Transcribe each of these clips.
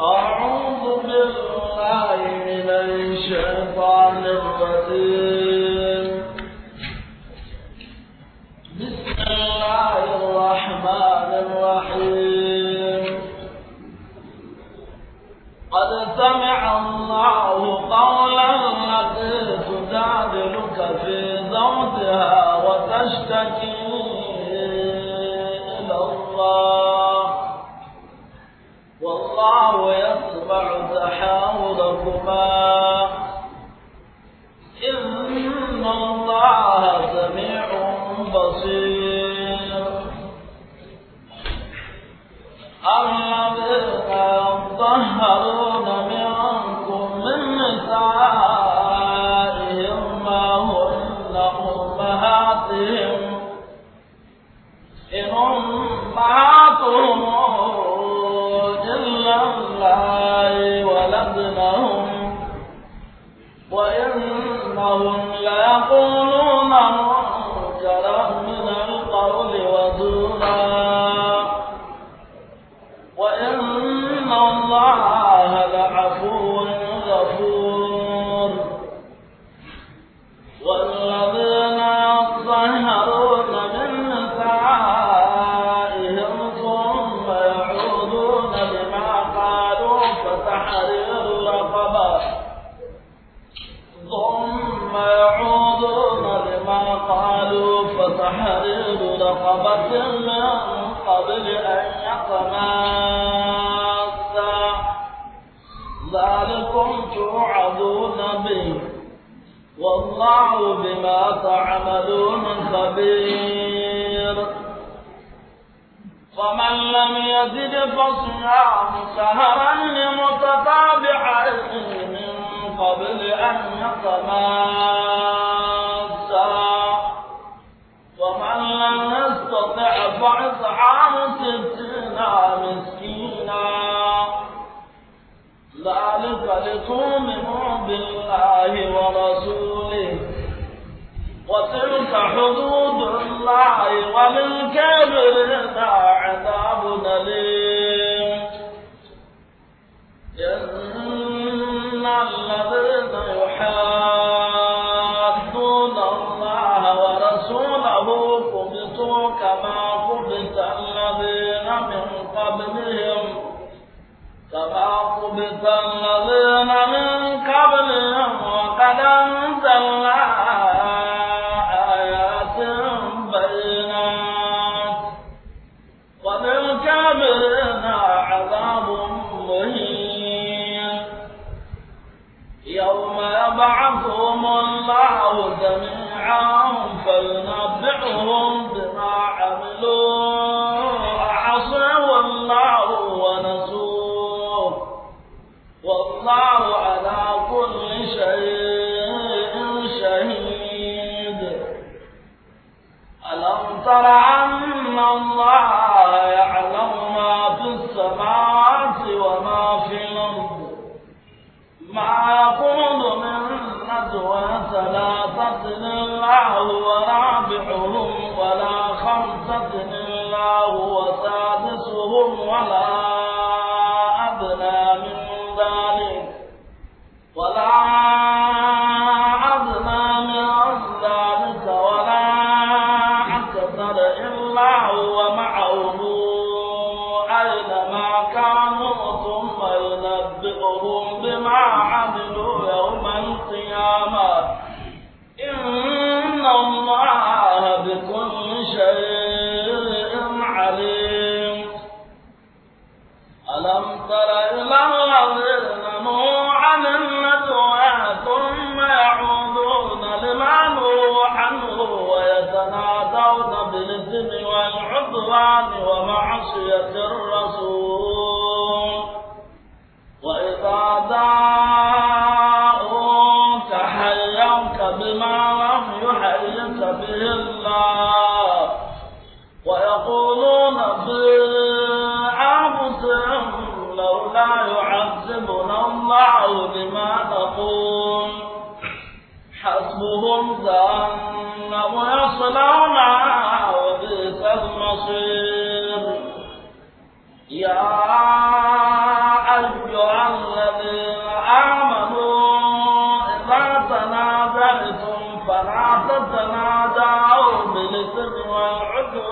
أعوذ بالله من الشيطان الرجيم بسم الله الرحمن الرحيم قد سمع الله قولا التي في وتشتكي إلى الله بعض حاولكما إن الله سميع بصير أم يبقى يظهرون منكم من نسائكم أقوم طعم خبير فمن لم يَزِدْ فصيام سَهْرًا لمتتابعين من قبل أن يتماسا ومن لم يستطع فإطعام ستين مسكينا ذلك لتؤمنوا بالله ورسوله حدود الله ومن كبر عذاب أليم عنهم الله والله على كل ألم تر أن الله يعلم ما في السماوات وما في الأرض ما من نجوى ثلاثة إلا هو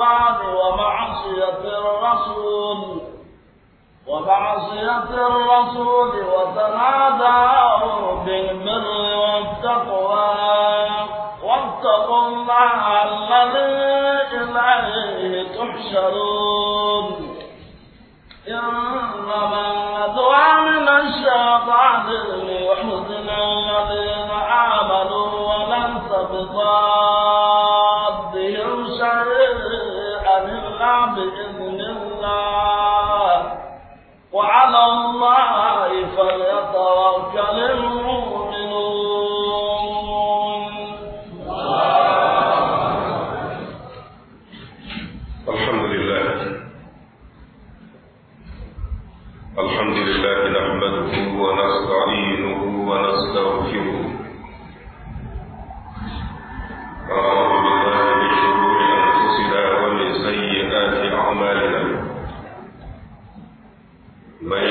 القرآن ومعصية الرسول ومعصية الرسول وتنادوا بالبر والتقوى واتقوا الله الذي إليه تحشرون إنما العدوى من الشيطان ليحزن الذين آمنوا ولن تبطل partner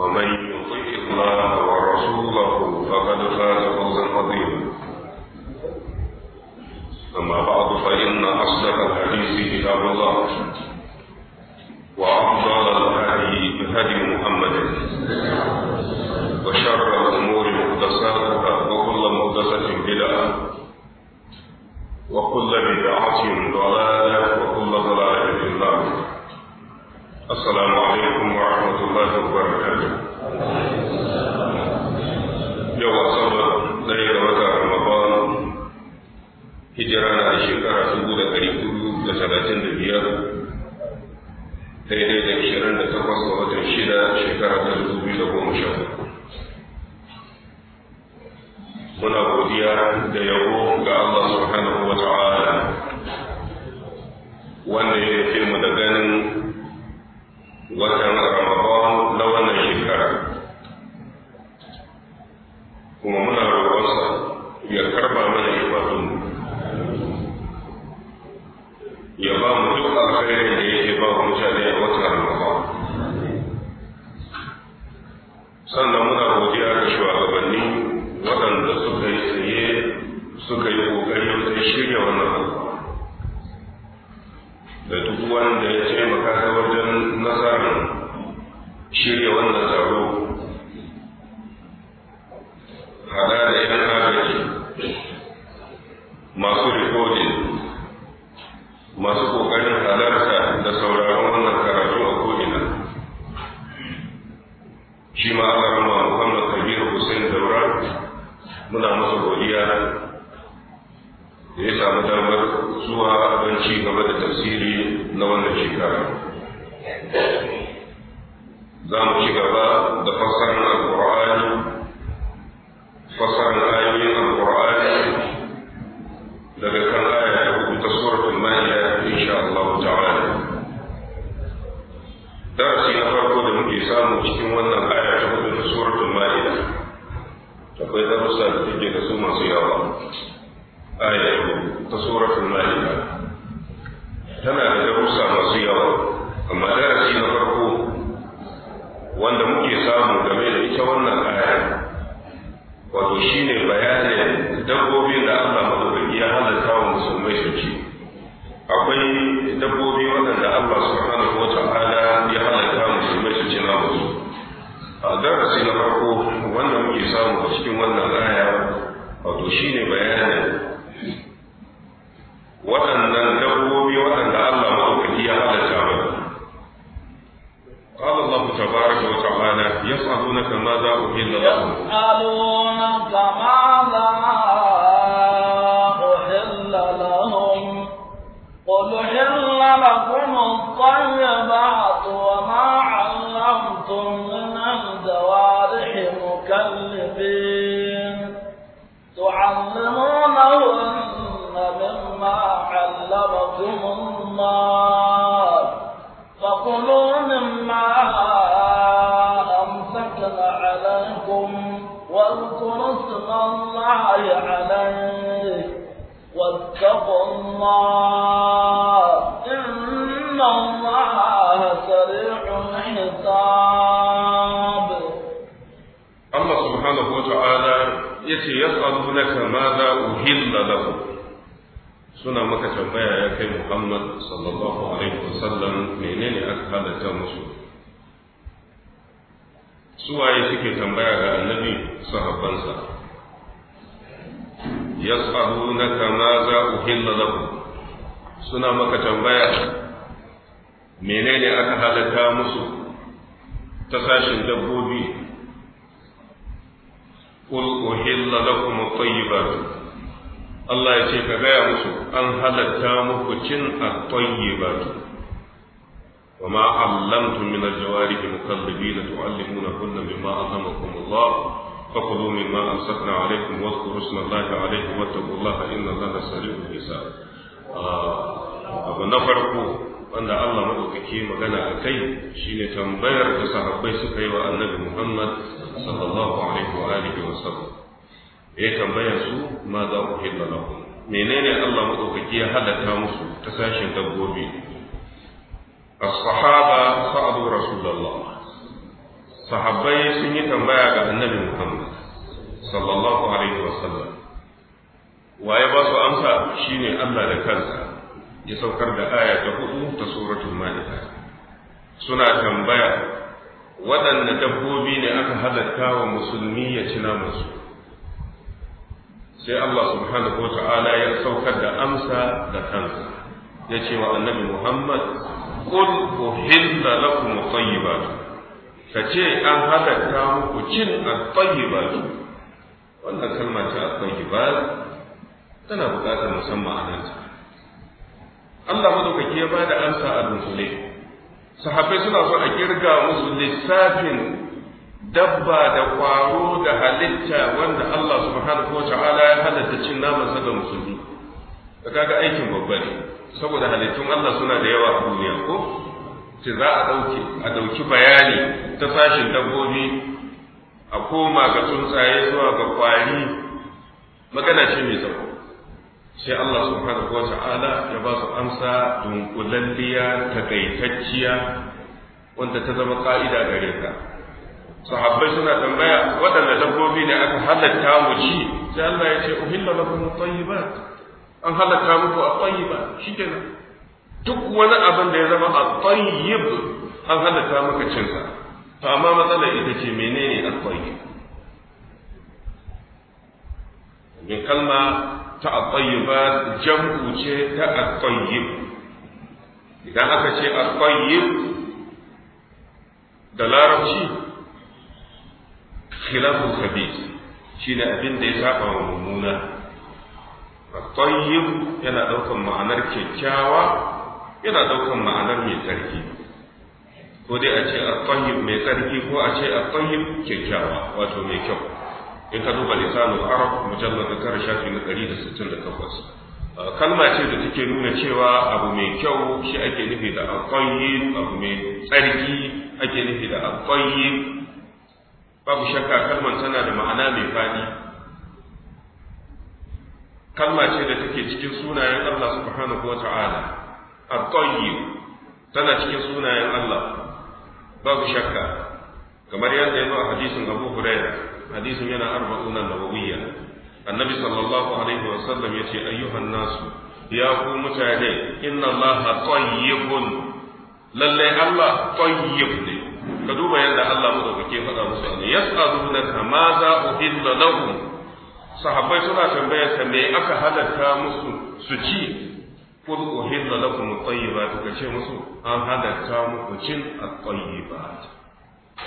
ومن يطع الله talatin da biyar daidai da ishirin da takwas ga watan shida shekara ta dubu biyu da goma sha muna godiya da yabo ga Allah subhanahu wa ta'ala wanda ya fi mu da ganin watan ayoyin alqur'ani daga kan aya ta hudu ta suratul maida insha Allah ta'ala darasi na farko da muke samu cikin wannan aya ta hudu ta suratul maida akwai darussa da take da su masu yawa aya ta suratul maida tana da darussa masu yawa amma darasi na farko wanda muke samu game da ita wannan wato shine bayanin dabbobin da Allah madaukaki ya halatta wa musulmai su ci akwai dabbobi waɗanda Allah subhanahu wa ta'ala ya halatta musulmai su ci na musu a darasi na farko wanda muke samu a cikin wannan aya wato shine bayanin waɗannan dabbobi waɗanda Allah madaukaki ya halatta wa? قال الله تعالى يسألونك ماذا أحل لهم يسألونك ماذا أحل لهم قل أحل لكم الطيبات وما علمتم من الجوارح مكلفين تعلمونهن مما علمكم الله فقلوا لكم واذكروا اسم الله عليه واتقوا الله إن الله سريع الحساب الله سبحانه وتعالى يتي لك هناك ماذا أهل لكم سنة مكة تبايا يا محمد صلى الله عليه وسلم منين أكبر تنصر suwaye suke tambaya ga annabi sahabbansa yas'alunaka ma za uhilla ku. suna maka tambaya menene aka halatta musu ta sashin dabbobi qul uhilla lakum at-tayyibat Allah ya ce ka gaya musu an halatta muku cin at-tayyibat وما علمتم من الجوارح مكذبين تعلمونهن مما علمكم الله فخذوا مما أمسكنا عليكم واذكروا اسم الله عليه واتقوا الله إن الله سريع الحساب abu na farko wanda Allah maɗaukaki magana a kai shine tambayar da sahabbai suka yi wa annabi Muhammad sallallahu alaihi wa alihi wa sallam ya tambaya su ma za ku hilla lahu menene Allah maɗaukaki ya halatta musu ta sashen dabbobi as-sahaba sa'adu rasulullah Sahabai sun yi tambaya ga annabi Muhammad sallallahu alaihi wasallam waye ba su amsa shine Allah da kansa ya saukar da aya ta hudu ta suratul ma'ida suna tambaya waɗanne dabbobi ne aka halatta wa musulmi ya ci namansu sai Allah subhanahu ta'ala ya saukar da amsa da kansa ya ce wa annabi Muhammad qul uhilla lakum at-tayyibat kace an halatta muku cin at-tayyibat wannan kalma ta at-tayyibat tana buƙatar musamman ananta Allah madaukaki ya bada ansa a dunkule sahabbai suna so a kirga musu lissafin dabba da kwaro da halitta wanda Allah subhanahu wa ta'ala ya halatta cin namansa ga musulmi kaga aikin babba ne saboda halittun Allah suna da yawa a duniya ko ce za a ɗauki a ɗauki bayani ta sashin dabbobi a koma ga tsuntsaye zuwa ga kwari magana ce mai tsawo sai Allah subhanahu wa ta'ala ya ba su amsa dunkulalliya takaitacciya wanda ta zama ka'ida gare ka sahabbai suna tambaya waɗanda dabbobi ne aka halatta mu ci sai Allah ya ce uhilla lakum tayyibat an halaka muku a tsayiba shi kenan duk wani abin da ya zama a tsayib an halaka maka sa to amma matsalar ita ce menene a tsayib ne kalma ta a tsayiba jam'u ce ta a tsayib idan aka ce a tsayib da larabci khilafu khabith shine abin da ya saba wa mummuna tayyib yana daukan ma'anar kyakkyawa yana daukan ma'anar mai tsarki ko dai a ce a tayyib mai tsarki ko a ce a tayyib kyakkyawa wato mai kyau in ka duba lisanul arab mujallad na kar shafi na 168 kalma ce da take nuna cewa abu mai kyau shi ake nufi da at-tayyib abu mai tsarki ake nufi da at-tayyib babu shakka kalmar tana da ma'ana mai fadi kalma ce da take cikin sunayen Allah subhanahu wa ta'ala a tayyib tana cikin sunayen Allah babu shakka kamar yadda yazo a hadisin Abu Hurairah hadisin yana arba'una nawawiyya annabi sallallahu alaihi wa sallam yace ayyuhan nasu ya ku mutane inna Allah tayyibun lalle Allah tayyib ne ka duba yadda Allah mu madaukake faɗa musu ne yas'alunaka ma za uhilla lahum sahabbai suna tambayar sa me aka halatta musu su ci kul uhilla lakum at-tayyibat ce musu an halatta muku cin at-tayyibat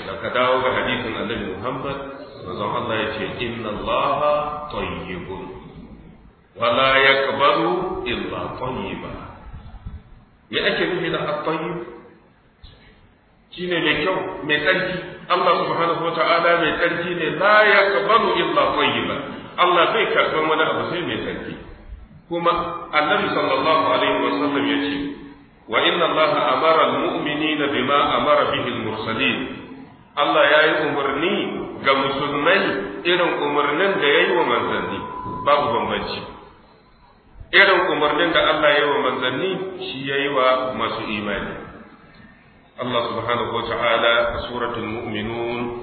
da ka dawo ga hadisin Annabi Muhammad manzon Allah ya ce inna Allah tayyibun wa la yaqbalu illa tayyiba me ake nufi da at-tayyib shine mai kyau mai tsarki Allah subhanahu wa ta'ala mai tsarki ne la yaqbalu illa tayyiba Allah bai karɓar wani abu sai mai tsarki kuma annabi sallallahu alaihi wa sallam ya ce wa inna Allah amara al-mu'minina bima amara bihi al-mursalin Allah ya yi umarni ga musulmai irin umarnin da ya yi wa manzanni babu bambanci irin umarnin da Allah ya yi wa manzanni shi ya yi wa masu imani Allah subhanahu wa ta'ala a suratul mu'minun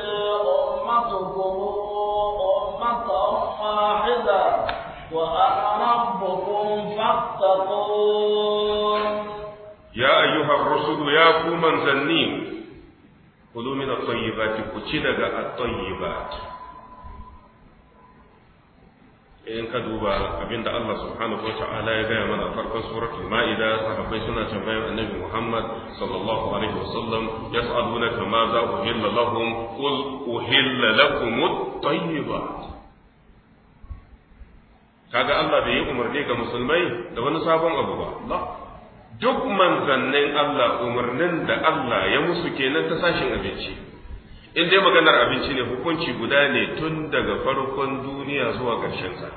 يا أيها الرسول يا قوم زنين كلوا من الطيبات كتلك الطيبات إن كدوبا أبين الله سبحانه وتعالى يبين من أفرق سورة المائدة صحبه سنة جميع النبي محمد صلى الله عليه وسلم يسألونك ماذا أهل لهم قل أهل لكم الطيبات kaga Allah bai yi umarni ga musulmai da wani sabon abu ba duk manzannin Allah umarnin da Allah ya musu kenan ta sashin abinci in dai maganar abinci ne hukunci guda ne tun daga farkon duniya zuwa ƙarshen sa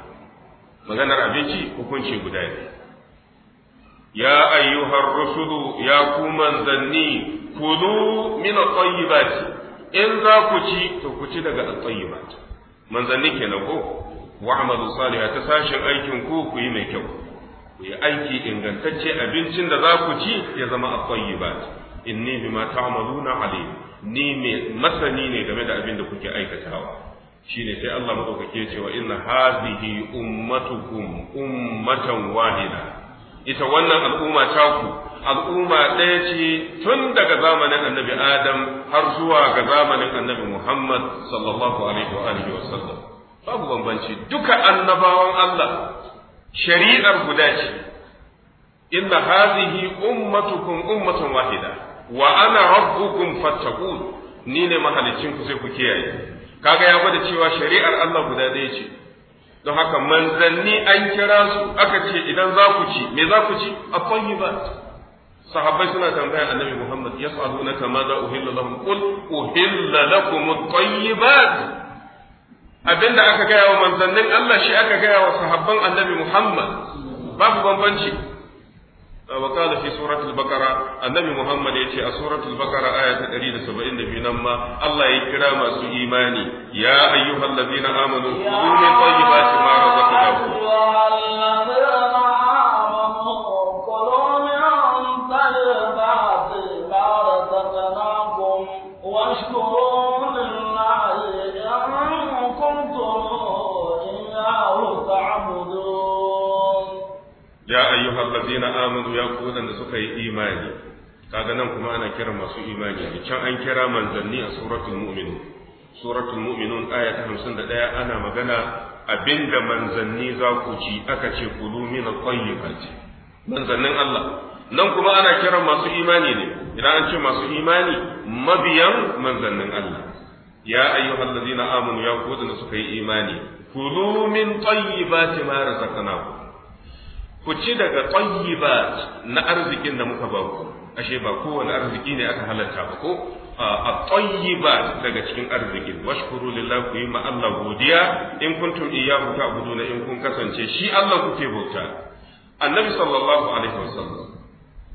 maganar abinci hukunci guda ne ya ayyuhar rusulu ya ku manzanni kulu min at-tayyibati in za ku ci to ku ci daga at tayyibati manzanni kenan ko wa saliha ta sashin aikin ku ku yi mai kyau ku yi aiki ingantacce abincin da za ku ci ya zama at-tayyibat inni ma ta'maluna alim ni mai masani ne game da abin da kuke aikatawa shine sai Allah madaukake cewa inna hadhihi ummatukum ummatan wahida ita wannan al'umma ta ku al'umma ɗaya ce tun daga zamanin annabi Adam har zuwa ga zamanin annabi Muhammad sallallahu alaihi wa alihi wa sallam babu bambanci duka annabawan Allah shari'ar guda ce inna hadhihi ummatukum ummatan wahida wa ana rabbukum fattaqun ni ne mahalicin ku sai ku kiyaye kaga ya gwada cewa shari'ar Allah guda ɗaya ce don haka manzanni an kira su aka ce idan za ku ci me za ku ci at-tayyibat sahabbai suna tambaya annabi Muhammad yas'alunaka ma za uhilla lahum qul uhilla lakum at-tayyibat abin da aka gaya wa manzannin Allah shi aka gaya wa sahabban annabi Muhammad babu bambanci wa kala fi suratul baqara annabi Muhammad yace a suratul baqara aya ta 172 nan ma Allah ya kira masu imani ya ayyuhallazina amanu qulu ya ku waɗanda suka yi imani kaga nan kuma ana kira masu imani ne can an kira manzanni a suratul mu'minun suratul mu'minun aya ta 51 ana magana abinda manzanni za ku ci aka ce kulu min at-tayyibati manzannin Allah nan kuma ana kira masu imani ne idan an ce masu imani mabiyan manzannin Allah ya ayyuhallazina amanu ya ku waɗanda suka yi imani kulu min tayyibati ma razaqnakum ku ci daga tayyibat na arzikin da muka ba ku ashe ba kowane arziki ne aka halarta ba ko a tayyibat daga cikin arzikin washkuru lillahi ku yi ma Allah godiya in kuntum iyyahu ta'buduna in kun kasance shi Allah kuke bauta annabi sallallahu alaihi wasallam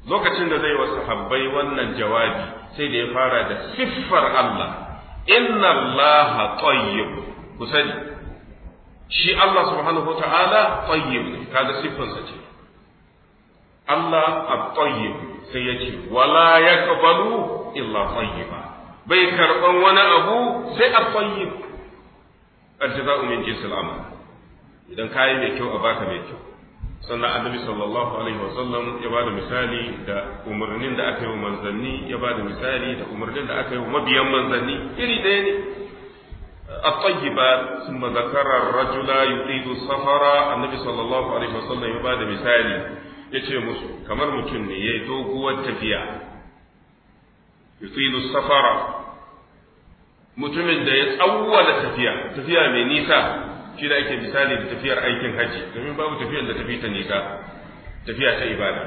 lokacin da zai wasu habbai wannan jawabi sai da ya fara da siffar Allah inna Allah tayyib ku sani shi Allah subhanahu wata'ala tayyib ne kaga siffansa ce Allah a tayyib sai ya ce wala yaqbalu illa tayyiba bai karɓan wani abu sai at-tayyib al-jaza'u a jinsil amal idan kayi mai kyau a baka mai kyau sannan annabi sallallahu alaihi wasallam ya ba da misali da umarnin da aka yi wa manzanni ya ba da misali da umarnin da aka yi wa mabiyan manzanni iri ɗaya ne الطيبات ثم ذكر الرجل يطيل السفر النبي صلى الله عليه وسلم يبادى مثالي yace musu kamar mutum ne yayi doguwar tafiya yutilu safara mutumin da ya tsawwala tafiya tafiya mai nisa shi da ake misali da tafiyar aikin haji domin babu tafiyar da tafi ta nisa tafiya ta ibada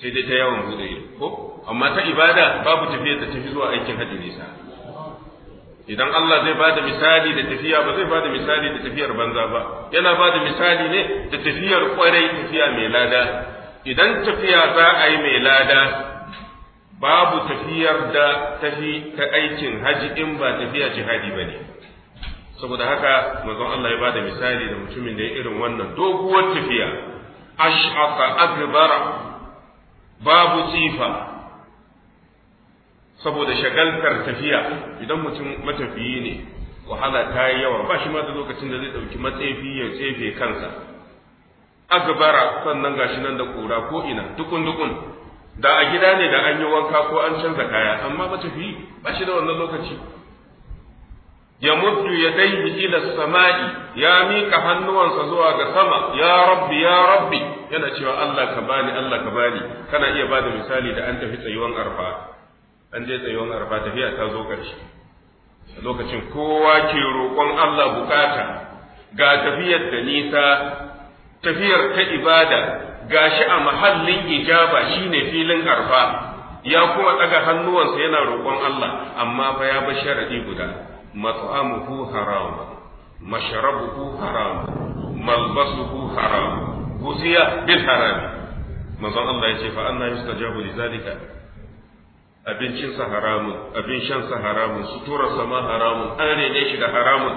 sai dai ta yawon bude ko amma ta ibada babu tafiyar da tafi zuwa aikin haji nisa idan Allah zai ba da misali da tafiya ba zai ba da misali da tafiyar banza ba yana ba da misali ne da tafiyar kwarai tafiya mai lada idan tafiya za a yi mai lada babu tafiyar da tafi ta aikin haji in ba tafiya jihadi ba ne saboda haka manzon Allah ya ba da misali da mutumin da ya irin wannan doguwar tafiya ash'aqa akbara babu tsifa saboda shagaltar tafiya idan mutum matafiyi ne wahala ta yi yawa ba shi ma da lokacin da zai ɗauki matsefi ya tsefe kansa agbara sannan gashi nan da kura ko ina dukun dukun da a gida ne da an yi wanka ko an canza kaya amma matafiyi ba shi da wannan lokaci ya muddu ya daihi ila sama'i ya miƙa hannuwansa zuwa ga sama ya rabbi ya rabbi yana cewa Allah ka bani Allah ka bani kana iya bada misali da an tafi tsayuwan arfa an je tsayuwan arfa tafiya ta zo ƙarshe lokacin kowa ke roƙon Allah bukata ga tafiyar da nisa tafiyar ta ibada ga shi a mahallin ijaba shi ne filin arfa ya kuma ɗaga hannuwansa yana roƙon Allah amma fa ya bar sharadi guda mat'amuhu haram masharabuhu haram malbasuhu haram guziya bil haram manzon Allah ya ce fa anna yustajabu lidhalika abincinsa haramun abin shansa haramun tura sama haramun an rene shi da haramun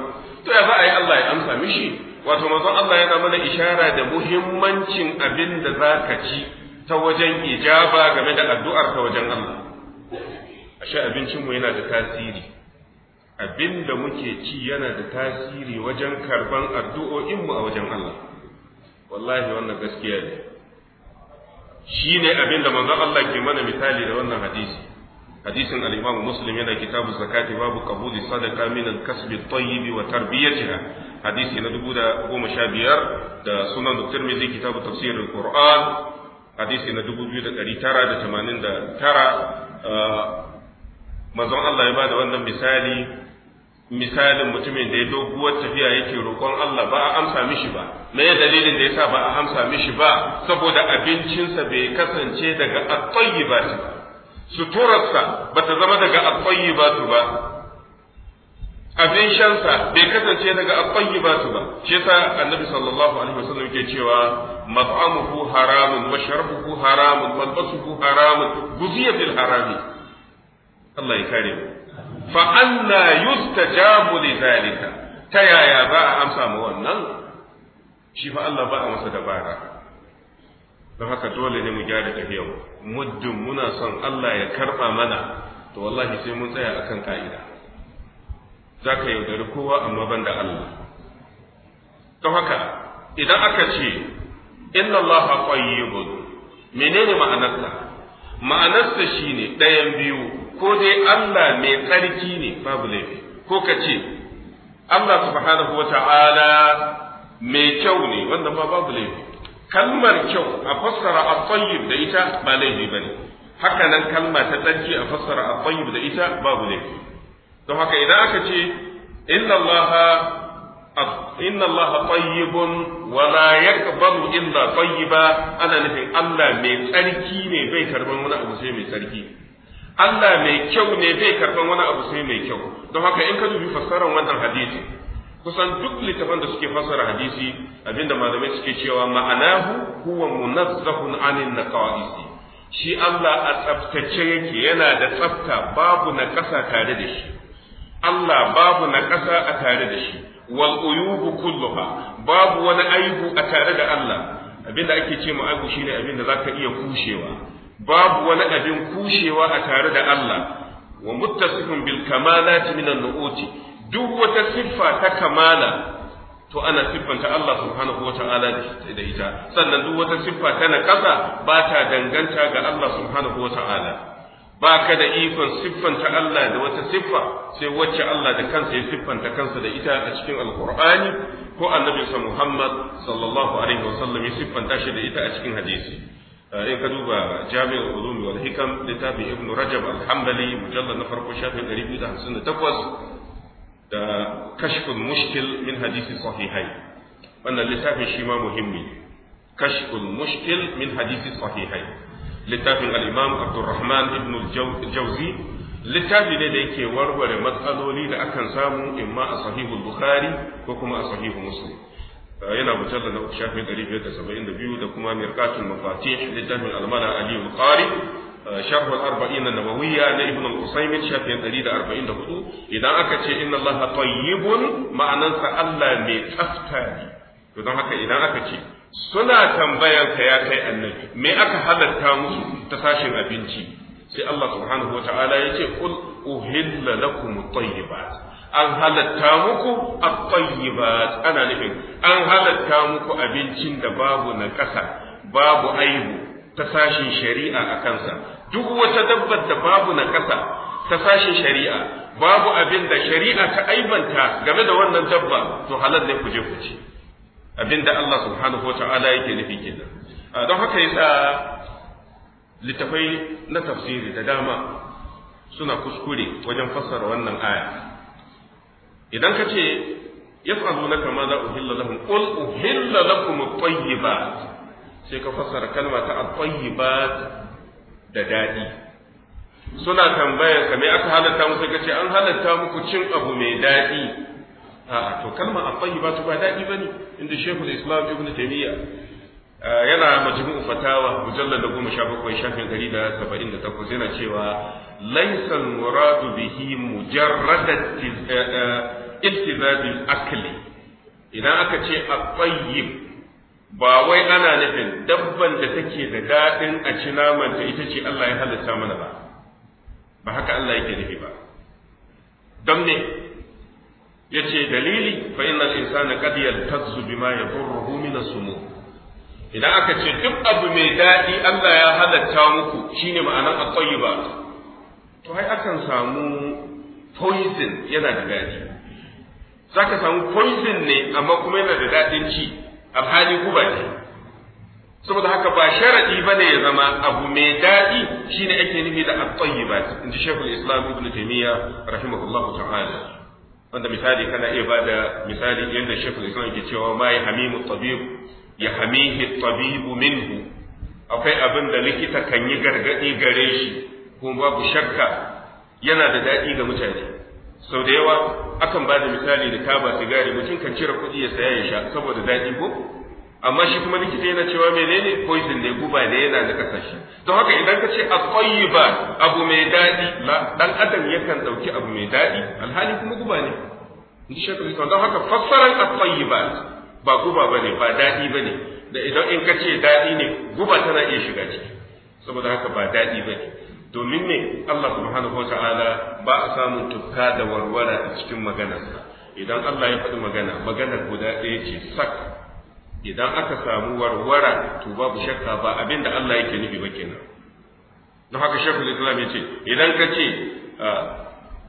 to ya za a Allah ya amsa mishi wato manzo Allah yana mana ishara da muhimmancin abin da za ci ta wajen ijaba game da addu'ar ta wajen Allah ashe abincinmu yana da tasiri abin da muke ci yana da tasiri wajen karban addu'o'inmu a wajen Allah wallahi wannan gaskiya ne shi ne abin da manzo Allah ke mana misali da wannan hadisi hadisin al-Imam Muslim yana kitabu zakati babu qabuli sadaqa min al-kasb at-tayyib wa tarbiyatiha hadisi na 2015 da sunan Tirmidhi kitabu tafsir al-Qur'an hadisi na 2989 ah, manzon Allah ya bada wannan misali misalin mutumin da ya doguwar tafiya yake rokon Allah ba a amsa mishi ba me dalilin da yasa ba a amsa mishi ba saboda abincinsa bai kasance daga at-tayyibat ba suturarsa ba ta zama daga akwayi ba su ba abin shansa bai kasance daga akwayi ba su ba shi ta annabi sallallahu alaihi wasallam yake cewa mat'amuhu haramun wa sharabuhu haramun malbasuhu haramun guziya bil harami Allah ya kare mu fa anna yustajabu li zalika ta yaya za a amsa ma wannan shi fa Allah ba a masa dabara don haka dole ne mu gyara tafiyar mu muddin muna son Allah ya karɓa mana to wallahi sai mun tsaya akan ka'ida za ka yaudari kowa amma ban da Allah ta haka idan aka ce inna Allah tayyibun menene ma'anarsa ma'anarsa shine ɗayan biyu ko dai Allah mai tsarki ne babu laifi ko ka ce Allah subhanahu wa ta'ala mai kyau ne wanda ma babu laifi kalmar kyau a fassara a tayyib da ita ba laifi bane haka nan kalma ta tsarki a fassara a tayyib da ita babu laifi don haka idan aka ce inna allaha inna allaha tayyibun wa la yaqbalu illa tayyiba ana nufin Allah mai tsarki ne bai karban wani abu sai mai tsarki Allah mai kyau ne bai karban wani abu sai mai kyau don haka in ka dubi fassarar wannan hadisi kusan duk littafan da suke fassara hadisi abinda malamai suke cewa ma'anahu huwa munazzahun anin naqaisi shi Allah a tsaftace yake yana da tsafta babu na ƙasa tare da shi Allah babu na ƙasa a tare da shi wal uyubu kulluha babu wani aibu a tare da Allah abinda ake ce mu aibu shine abinda zaka iya kushewa babu wani abin kushewa a tare da Allah wa muttasifun bil kamalati minan nu'uti duk wata siffa ta kamala to ana siffanta Allah subhanahu wata'ala da ita sannan duk wata siffa ta naƙasa ba ta danganta ga Allah subhanahu wata'ala ba ka da ikon siffanta Allah da wata siffa sai wacce Allah da kansa ya siffanta kansa da ita a cikin alkur'ani ko annabinsa Muhammad sallallahu alaihi wasallam ya siffanta shi da ita a cikin hadisi eh, in ka duba jami'ul ulum wal hikam littafin ibn rajab al-hanbali mujallad na farko shafin 258 da kashful mushkil min hadisi sahihai wannan littafin shi ma muhimmi kashful mushkil min hadisi sahihai littafin al-imam abdurrahman ibn al-jawzi littafi ne da yake warware matsaloli da akan samu imma a sahihul bukhari ko kuma a sahihu muslim yana mujalla na uku shafi ɗari biyar da saba'in da biyu da kuma mirkatul mafatih littafin al almana aliyu qari شرح الأربعين النووية لابن القصيم شرح دليل أربعين دهدو إذا أكتش إن الله طيب معنى الله tsafta إذا هكا إذا أكتش suna tambayan ya kai annabi me aka halatta musu ta sashin abinci sai Allah subhanahu wataala ya ce qul uhilla lakum at-tayyibat an halatta muku at-tayyibat ana nufin an halatta muku abincin da babu na kasa babu aibu ta sashin shari'a a kansa duk wata dabbar da babu na ƙasa ta sashin shari'a babu abin da shari'a ta aibanta game da wannan dabba to halal ne kuje kuce abin da Allah subhanahu wa ta'ala yake nufi kenan don haka yasa littafai na tafsiri da dama suna kuskure wajen fassara wannan aya idan ka ce yaf'aluna kama za uhilla lahum qul uhilla lakum at-tayyibat sai ka fassara kalma ta at-tayyibat da daɗi. suna tambayar ka me aka halatta musu kace an halatta muku cin abu mai daɗi. a to kalma at-tayyibat ba dadi bane inda Sheikhul Islam Ibn Taymiyyah yana majmu'u fatawa mujallal da goma sha bakwai shafin gari da saba'in da takwas yana cewa laisan muradu bihi mujarradat iltizabil akli idan aka ce at-tayyib ba wai ana nufin dabban da take da daɗin a ci namanta ita ce Allah ya halitta mana ba ba haka Allah yake nufi ba don ne ya ce dalili fa inna insana qad yaltazzu bima yadurruhu min as-sumu idan aka ce duk abu mai daɗi Allah ya halatta muku shine ma'anar at ba. to ai akan samu poison yana da daɗi zaka samu poison ne amma kuma yana da daɗin ci alhali guba ne saboda haka ba sharadi bane ya zama abu mai daɗi shine ake nufi da at-tayyibat in ji shaykhul islam ibn taymiya rahimahullahu ta'ala wanda misali kana iya ba da misali yadda shaykhul islam yake cewa ma ya hamimu tabib ya hamihi tabibu minhu akwai abin da likita kan yi gargadi gare shi kuma babu shakka yana da daɗi ga mutane sau da yawa akan ba da misali da taba sigari mutum kan cire kuɗi ya saya ya sha saboda daɗi ko amma shi kuma likita yana cewa menene poison ne guba ne yana da kasashe don haka idan ka ce a ba abu mai daɗi dan adam yakan ɗauki abu mai daɗi alhali kuma guba ne in ji don haka fassaran a ba guba ba ne ba daɗi ba ne da idan in ka ce daɗi ne guba tana iya shiga ciki saboda haka ba daɗi ba ne domin ne Allah subhanahu wa ta'ala ba a samun tuka da warwara a cikin maganarsa idan Allah ya faɗi magana maganar guda ɗaya ce sak idan aka samu warwara to babu shakka ba abin da Allah yake nufi ba kenan don haka shekul islam ya ce idan ka ce ah,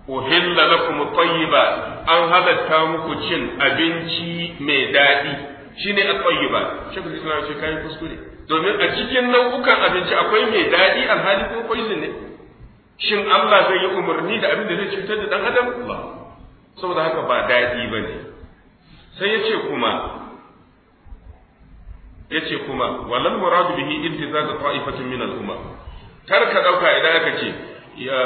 uhilla lakum tayyiba an halatta muku cin abinci mai daɗi shine at-tayyiba shekul islam ya ce kai kuskure domin a cikin nau'ukan abinci akwai mai daɗi alhali ko poison ne shin Allah zai yi umarni da abin da zai cutar da dan adam ba? saboda haka ba daɗi ba ne sai ya ce kuma ya ce kuma walal muradu bihi ka ta'ifatin min al-umma kar ka dauka idan aka ce ya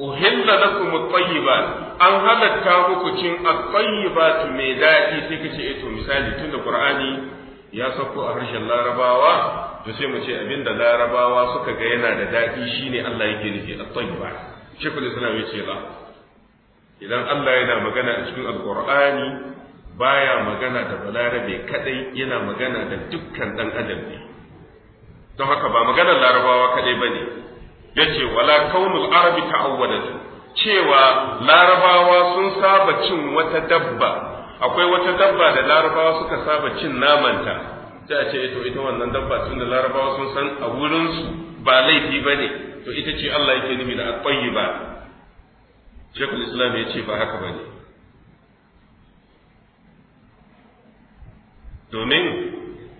uhilla lakum at-tayyibat an halatta muku cin at-tayyibat mai daɗi, sai kace eh to misali tunda qur'ani ya sauko a harshen larabawa to sai mu ce abinda larabawa suka ga yana da daɗi shine Allah yake nufi at-tayyiba shekul islam ya ce ba idan Allah yana magana a cikin alqur'ani baya magana da balarabe kadai yana magana da dukkan dan adam ne don haka ba maganar larabawa kadai bane yace wala kaunul arabi ta'awwadat cewa larabawa sun saba cin wata dabba akwai wata dabba da larabawa suka saba cin namanta sai a ce ito eh, ita wannan dabba tun da larabawa sun san a wurinsu ba laifi ba ne to ita ce Allah yake nufi da akwayi ba shekul islam ya ce ba haka ba ne domin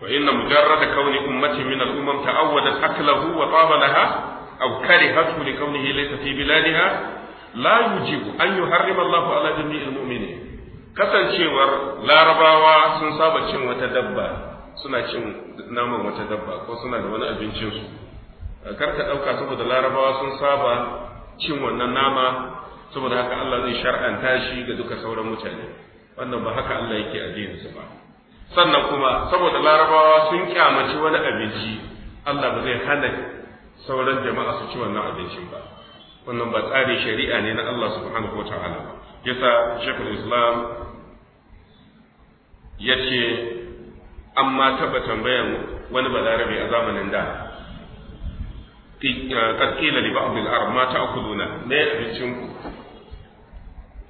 wa inna mujarrada kauni ummati min al-umam ta'awwadat aklahu wa taba laha أو كرهته لكونه ليس في بلادها لا يجب أن يحرم الله على جميع المؤمنين kasancewar larabawa sun saba cin wata dabba suna cin naman wata dabba ko suna da wani abincinsu ka ɗauka saboda larabawa sun saba cin wannan nama saboda haka Allah zai shar'anta shi ga duka sauran mutane wannan ba haka Allah yake ajiyansu ba sannan kuma saboda larabawa sun kyamaci wani abinci Allah ba zai hana sauran jama'a su ci wannan abincin ba wannan ba tsarin shari'a ne na Allah subhanahu wa ta'ala yasa shekul islam ya ce an ma tambayan wani balarabe a zamanin da ƙasƙila li ba'dil arab ma ta'kuluna ne abincin ku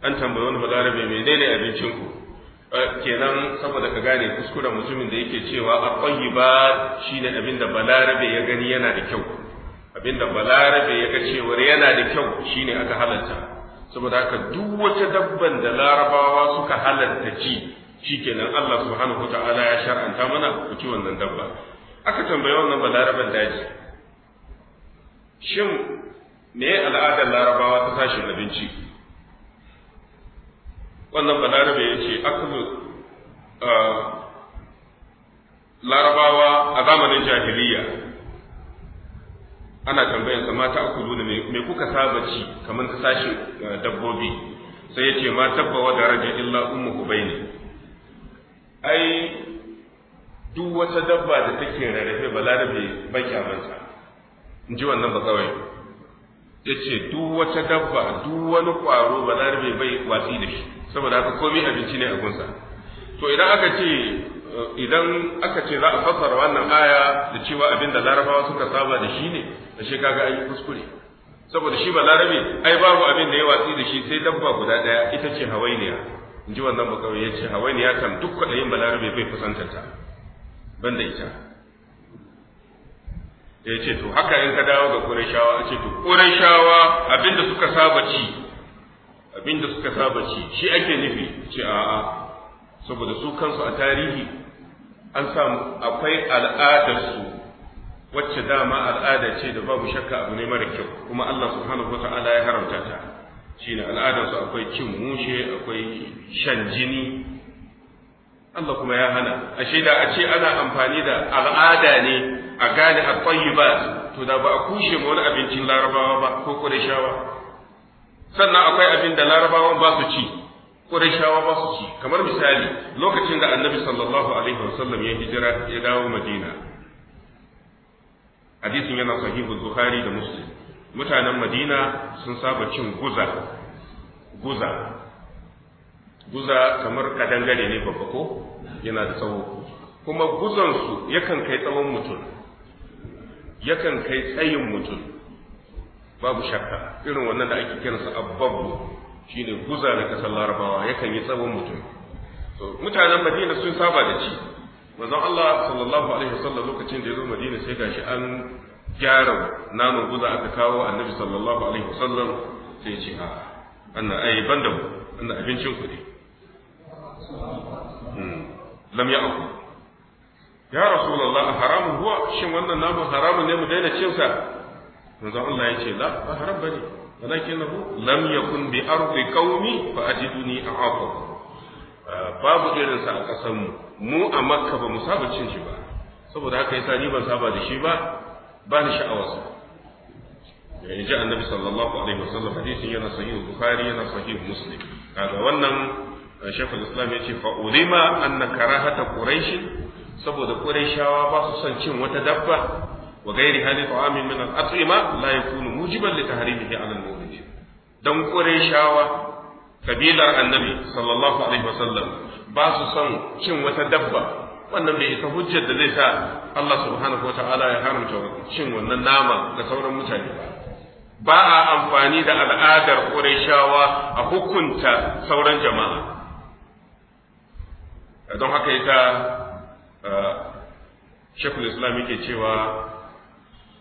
an tambayi wani balarabe menene abincin ku eh, kenan saboda ka gane kuskuren mutumin da yake cewa a ƙwayi ba shi ne balarabe ya gani yana da kyau Abinda balarabe ya ga cewar yana da kyau shi ne aka halarta saboda haka duk wata dabban da larabawa suka halarta ci shikenan Allah subhanahu wataala ya shar'anta mana ku ci wannan dabba aka tambayi wannan balaraban daji shin me al'adar larabawa ta tashin abinci wannan balarabe ya ce akwai larabawa a zamanin jahiliya ana tambayan sa mata akulu ne me kuka saba ci kamar ta sashin dabbobi sai ya ce ma tabbawa da daraja illa ummu kubaini ai duk wata dabba da take rarrafe ba Larabe bai kyamanta in ji wannan ba kawai ya ce duk wata dabba duk wani kwaro ba Larabe bai watsi da shi saboda haka komai abinci ne a gunsa to idan aka ce eh, idan aka ce za a fassara wannan aya da cewa abin da larabawa suka saba da shi ne da shi kaga ai kuskure saboda shi ba larabe ai babu abin da ya watsi da shi sai dabba guda daya ita ce hawainiya in ji wannan ba kawai ya ce ya kan duk kwaɗayin balarabe bai kusantar ta ban da ita da ya ce to haka in ka dawo ga shawa? a ce to shawa abinda suka saba ci abinda suka saba ci shi ake nufi ce a'a saboda su kansu a tarihi an samu akwai al'adarsu wacce dama al'ada ce da babu shakka abu ne mara kyau kuma Allah subhanahu wa ta'ala ya haramta ta shine al'adarsu akwai cin mushe akwai shan jini Allah kuma ya hana ashe da a ce ana amfani da al'ada ne a gane a ba to da ba a kushe ma wani abincin larabawa ba ko ƙurashawa sannan akwai abin da larabawa ba su ci ƙurashawa ba su ci kamar misali lokacin da annabi sallallahu alaihi wasallam ya hijira ya dawo madina hadisin yana sahihu bukhari da muslim mutanen madina sun saba cin guza guza guza kamar kadangare ne babba ko yana da tsawo kuma guzansu yakan kai tsawon mutum yakan kai tsayin mutum babu shakka irin wannan da ake kiransa abbabu shine guza na kasar larabawa yakan yi tsawon mutum mutanen madina sun saba da ci manzon Allah sallallahu alaihi wasallam lokacin da ya zo madina sai gashi an gyara naman guza aka kawo annabi sallallahu alaihi wasallam sai ya ce a annan ai ban da mu annan abincin ku ne hmm. lam ya aku ya rasulullah haramun huwa shin wannan naman haramun ne mu daina cin sa manzon Allah ya ce la ba haram bane walakinahu lam yakun bi ardi qaumi fa ajiduni a'aqu babu irin sa a kasan mu mu a makka ba mu saba cin shi ba saboda haka yasa ni ban saba da shi ba ba ni sha'awarsa ya eh, ji annabi sallallahu alaihi wasallam hadisin yana sahih bukhari yana sahih muslim kaga wannan eh, shekul islam ya ce fa ulima anna karahata quraish saboda quraishawa ba su son cin wata dabba wa gairi hali ta'amin min al-at'ima la yakunu mujiban li tahrimihi 'ala al-mu'minin dan quraishawa kabilar annabi sallallahu alaihi wasallam ba su son cin wata dabba wannan bai isa hujjar da zai sa Allah subhanahu wata'ala ya haramta cin wannan nama da sauran mutane ba ba a amfani da al'adar Qurayshawa a hukunta sauran jama'a don haka yasa uh, Shekul Islam yake cewa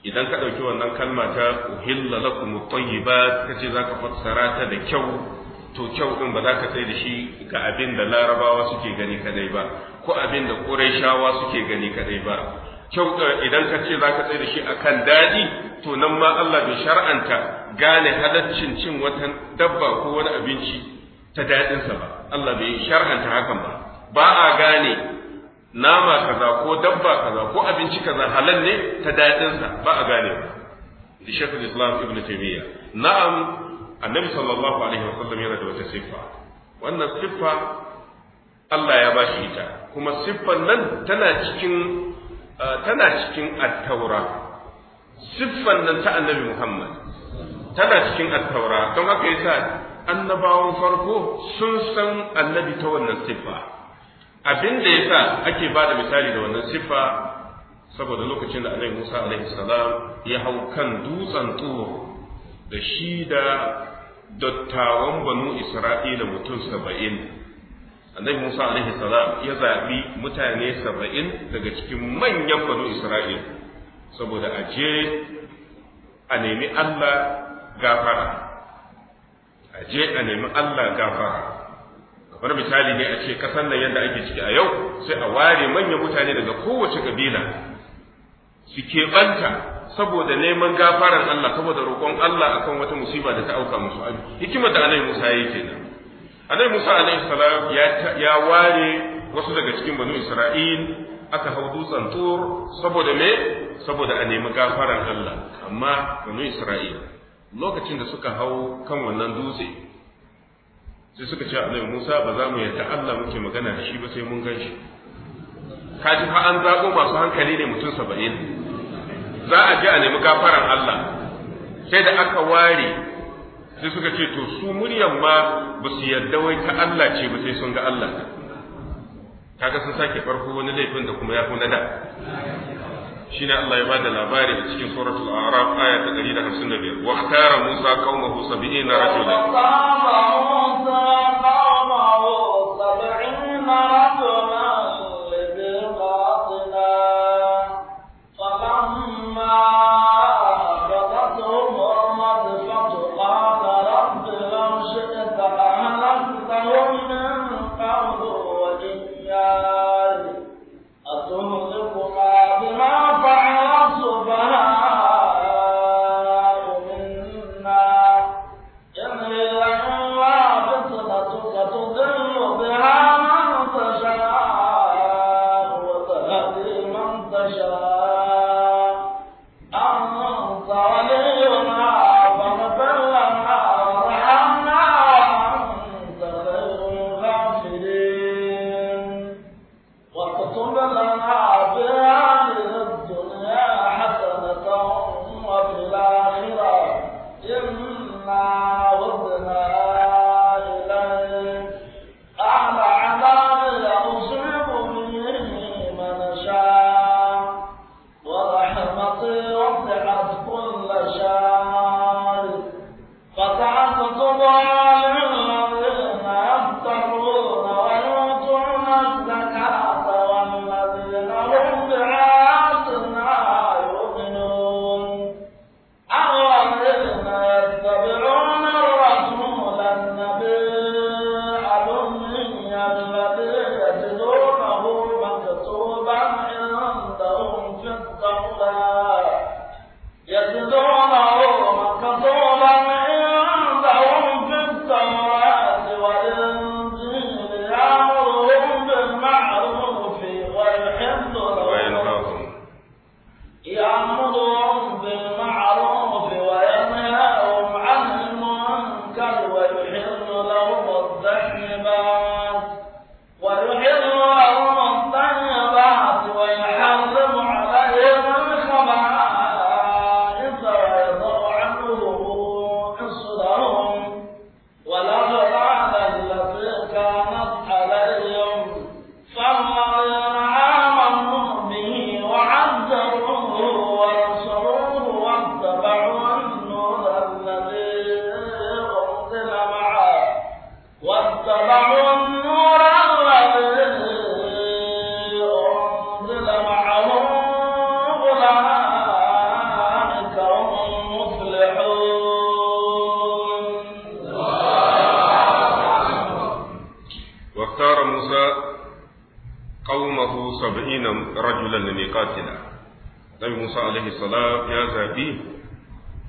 idan ka ɗauki wannan kalma ta uhilla lakum at-tayyibat kace zaka fassara ta da kyau to kyau din ba za ka sai da shi ga abin da larabawa suke gani kadai ba ko abin da ƙurayshawa suke gani kadai ba kyau eh, idan ka ce za ka sai da shi akan daɗi to nan ma Allah bai shar'anta gane halaccin cin wata dabba ko wani abinci ta daɗinsa ba Allah bai shar'anta hakan ba ba a gane nama kaza ko dabba kaza ko abinci kaza halal ne ta daɗinsa ba a gane ba. Shekul Islam Ibn Taymiyyah. Na'am annabi sallallahu alaihi wasallam yana da wata siffa wannan siffa Allah ya ba shi ita kuma siffan nan tana cikin ah, tana cikin at-taura siffan nan ta annabi Muhammad tana cikin at-taura don haka yasa annabawan farko sun san annabi ta wannan siffa abin da yasa ake ba da misali da wannan siffa saboda lokacin da annabi Musa alaihi salam ya hau kan dutsen tsoro da shi da dattawan banu Isra'ila mutum saba'in. Annabi Musa alaihi salam ya zaɓi mutane saba'in daga cikin manyan banu Isra'ila saboda a je a nemi Allah gafara. A je a nemi Allah gafara. kamar misali ne a ce kasan nan yadda ake ciki a yau sai a ware manyan mutane daga kowace kabila su keɓanta saboda neman gafaran Allah saboda roƙon Allah akan wata musiba da ta auka musu hikimar da Annabi Musa yake kenan Annabi Musa alaihi salam ya ya ware wasu daga cikin banu Isra'il aka hau dutsen tur saboda me saboda a nemi gafaran Allah amma banu Isra'il lokacin da suka hau kan wannan dutse sai suka ce Annabi Musa ba za mu yarda Allah muke magana da shi ba sai mun gan shi kaji fa an zaɓo masu hankali ne mutum saba'in za a je a nemi gafaran Allah sai da aka ware sai suka ce to su muryan ma ba su yarda wai ta Allah ce ba sai sun ga Allah kaga sun sake farko wani laifin da kuma ya fi na da ne Allah ya bada labari a cikin suratul a'raf aya ta 155 wa akara musa qaumahu 70 rajulan musa qaumahu 70 rajulan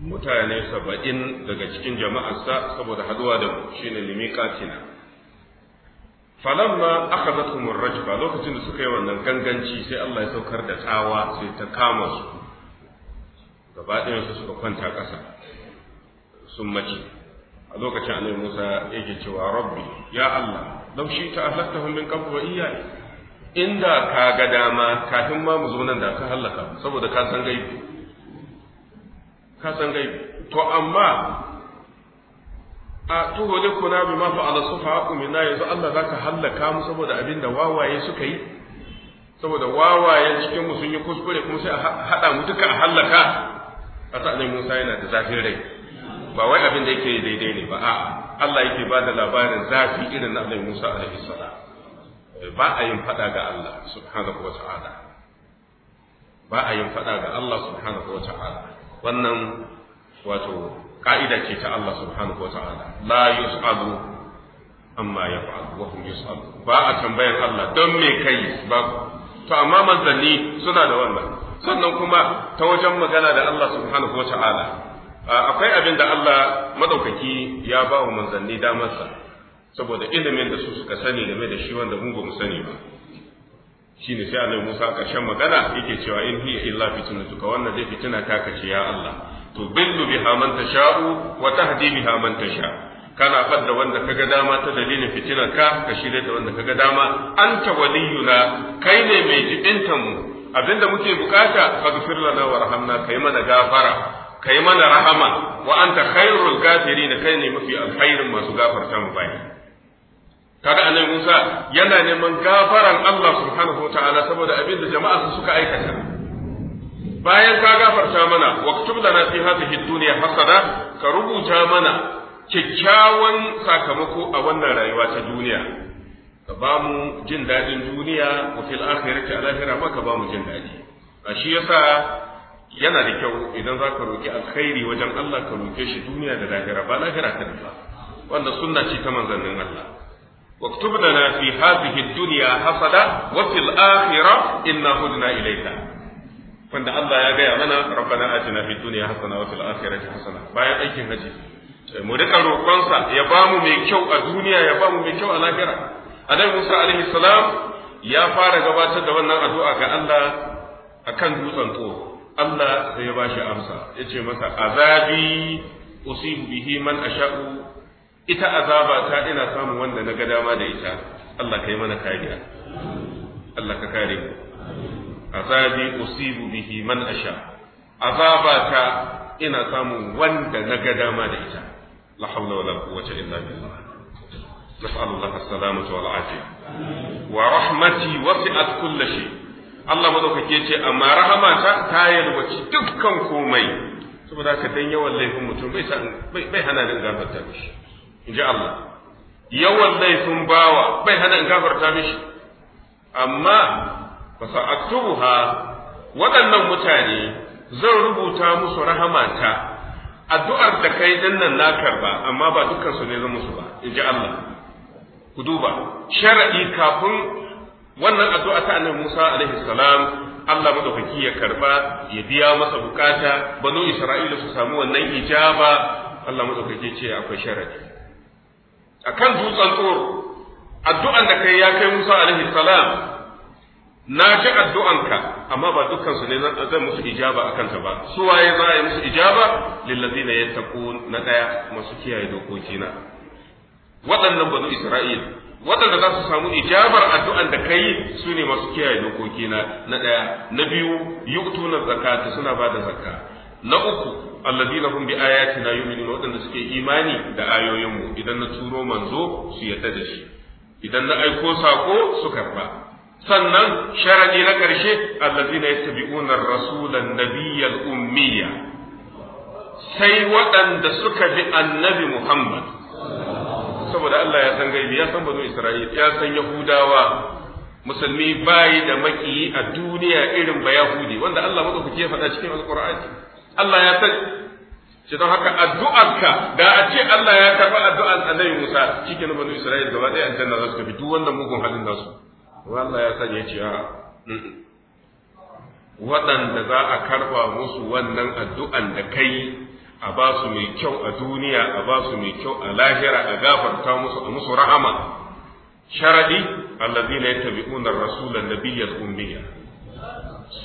mutane saba'in daga cikin jama'arsa saboda haduwa da mu shine ma falamma zata ar ba lokacin da suka yi wannan ganganci sai Allah ya saukar da tsawa sai ta kama su gaba su suka kwanta ƙasa sun mace a lokacin annabi Musa yake cewa rabbi ya Allah law shi ta halatta min wa inda ka ga dama kafin ma mu zo nan da ka halaka saboda ka san gaibi ka san gai. to amma a tuhode kuna bi ma fa'ala min minna yanzu Allah zaka hallaka mu saboda abin da wawaye suka yi saboda wawaye cikin mu sun yi kuskure kuma sai a hada mu duka a hallaka a ne Musa yana da zafin rai ba wai abin da yake daidai ne ba a'a Allah yake ba da labarin zafi irin na Annabi Musa alaihi salam ba a yin fada ga Allah subhanahu wa ta'ala ba a yin fada ga Allah subhanahu wa ta'ala wannan wato ka'ida ce ta Allah subhanahu wa ta'ala la yus'abu amma ya fa'alu wa hum yus'abu ba a tambayan Allah don me kai ba to amma manzanni suna da wannan sannan kuma ta wajen magana da Allah subhanahu wa ta'ala akwai abin da Allah madaukaki ya ba wa manzanni sa saboda ilimin da su suka sani game da shi wanda mu ba mu sani ba shine sai Annabi Musa karshen magana yake cewa in hiya illa fitnatuka wannan dai fitina ta kace ya Allah to billu biha man tasha'u wa tahdi biha man tasha kana fadda wanda kaga dama ta dalilin fitinar ka ka shirye da wanda kaga dama anta waliyuna kai ne mai jibintan mu abinda muke bukata faghfir lana warhamna kai mana gafara kai mana rahama wa anta khairul gafirin kai ne mafi alkhairin masu gafarta mu bai kaga annabi Musa yana neman gafaran Allah subhanahu wa ta'ala saboda abin da jama'a suka aikata bayan ka gafarta mana waktub lana fi hadhihi dunya hasada ka rubuta mana kyakkyawan sakamako a wannan rayuwa ta duniya ka ba mu jin daɗin duniya wa fil akhirati a lahira ma ka ba mu jin daɗi a shi yasa yana da kyau idan za ka roƙi alkhairi wajen Allah ka roƙe shi duniya da lahira ba lahira ta ba wanda sunna ce ta manzannin Allah واكتب لنا في هذه الدنيا حسنة وفي الآخرة إنا هدنا إليك wanda Allah ya gaya mana rabbana atina fi dunya hasana wa fil akhirati hasana bayan aikin haji mu rika roƙonsa ya bamu mai kyau a duniya ya bamu mai kyau a lahira annabi Musa alaihi salam ya fara gabatar da wannan addu'a ga Allah akan dutsen tsoro Allah sai ya bashi amsa yace masa azabi usibu bihi man asha'u ita azaba ta ina samun wanda na ga dama da ita Allah kai mana kariya Allah ka kare mu azabi usibu bihi man asha azaba ta ina samun wanda na ga dama da ita la hawla wala quwwata illa billah نسأل الله السلامة والعافية ورحمتي وسعت كل شيء Allah madaukake ce amma rahama ta ta yalwaci dukkan komai saboda haka dan yawan laifin mutum bai bai hana ni in Allah yawan laifin bawa bai hana in gafarta mishi amma fa buha waɗannan mutane zan rubuta musu rahamata addu'ar da kai nan na karba amma ba dukkan ne zan musu ba in ji Allah ku duba Shara'i kafin wannan addu'a ta annabi Musa alaihi salam Allah madaukaki ya karba ya biya masa bukata banu Isra'ila su samu wannan ijaba Allah madaukaki ce akwai sharadi akan dutsen tsoro addu'an da kai ya kai Musa alaihi salam na ji addu'anka amma ba dukkan su ne zai musu ijaba a kanta ba su waye za a yi musu ijaba lillazina ko na ɗaya masu kiyaye dokokina waɗannan banu Isra'il waɗanda za su samu ijabar addu'an da kai su ne masu kiyaye dokokina na ɗaya, na biyu yu'tuna zakata suna ba da zakka na uku alladhi lahum bi ayatina yu'minuna wadanda suke imani da ayoyinmu idan na turo manzo su yarda da shi idan na aiko sako su karba sannan sharadi na karshe alladina yattabi'una ar-rasulan nabiyyal ummiya sai waɗanda suka bi annabi Muhammad saboda Allah ya san gaibi ya san bazo Isra'il ya san Yahudawa musulmi bayi da makiyi a duniya irin ba Yahudi wanda Allah maka kuke faɗa cikin Alƙur'ani Allah ya sani shi don haka addu'arka da a ce Allah ya karɓi addu'ar annabi Musa cikin banu Isra'il gaba ɗaya aljanna za su tafi duk wannan mugun halin nasu Allah ya sani ya ce a waɗanda za a karɓa musu wannan addu'an da kai a ba su mai kyau a duniya a ba su mai kyau a lahira a gafarta musu a musu rahama sharadi allazina yattabi'una ar-rasula nabiyyal ummiyya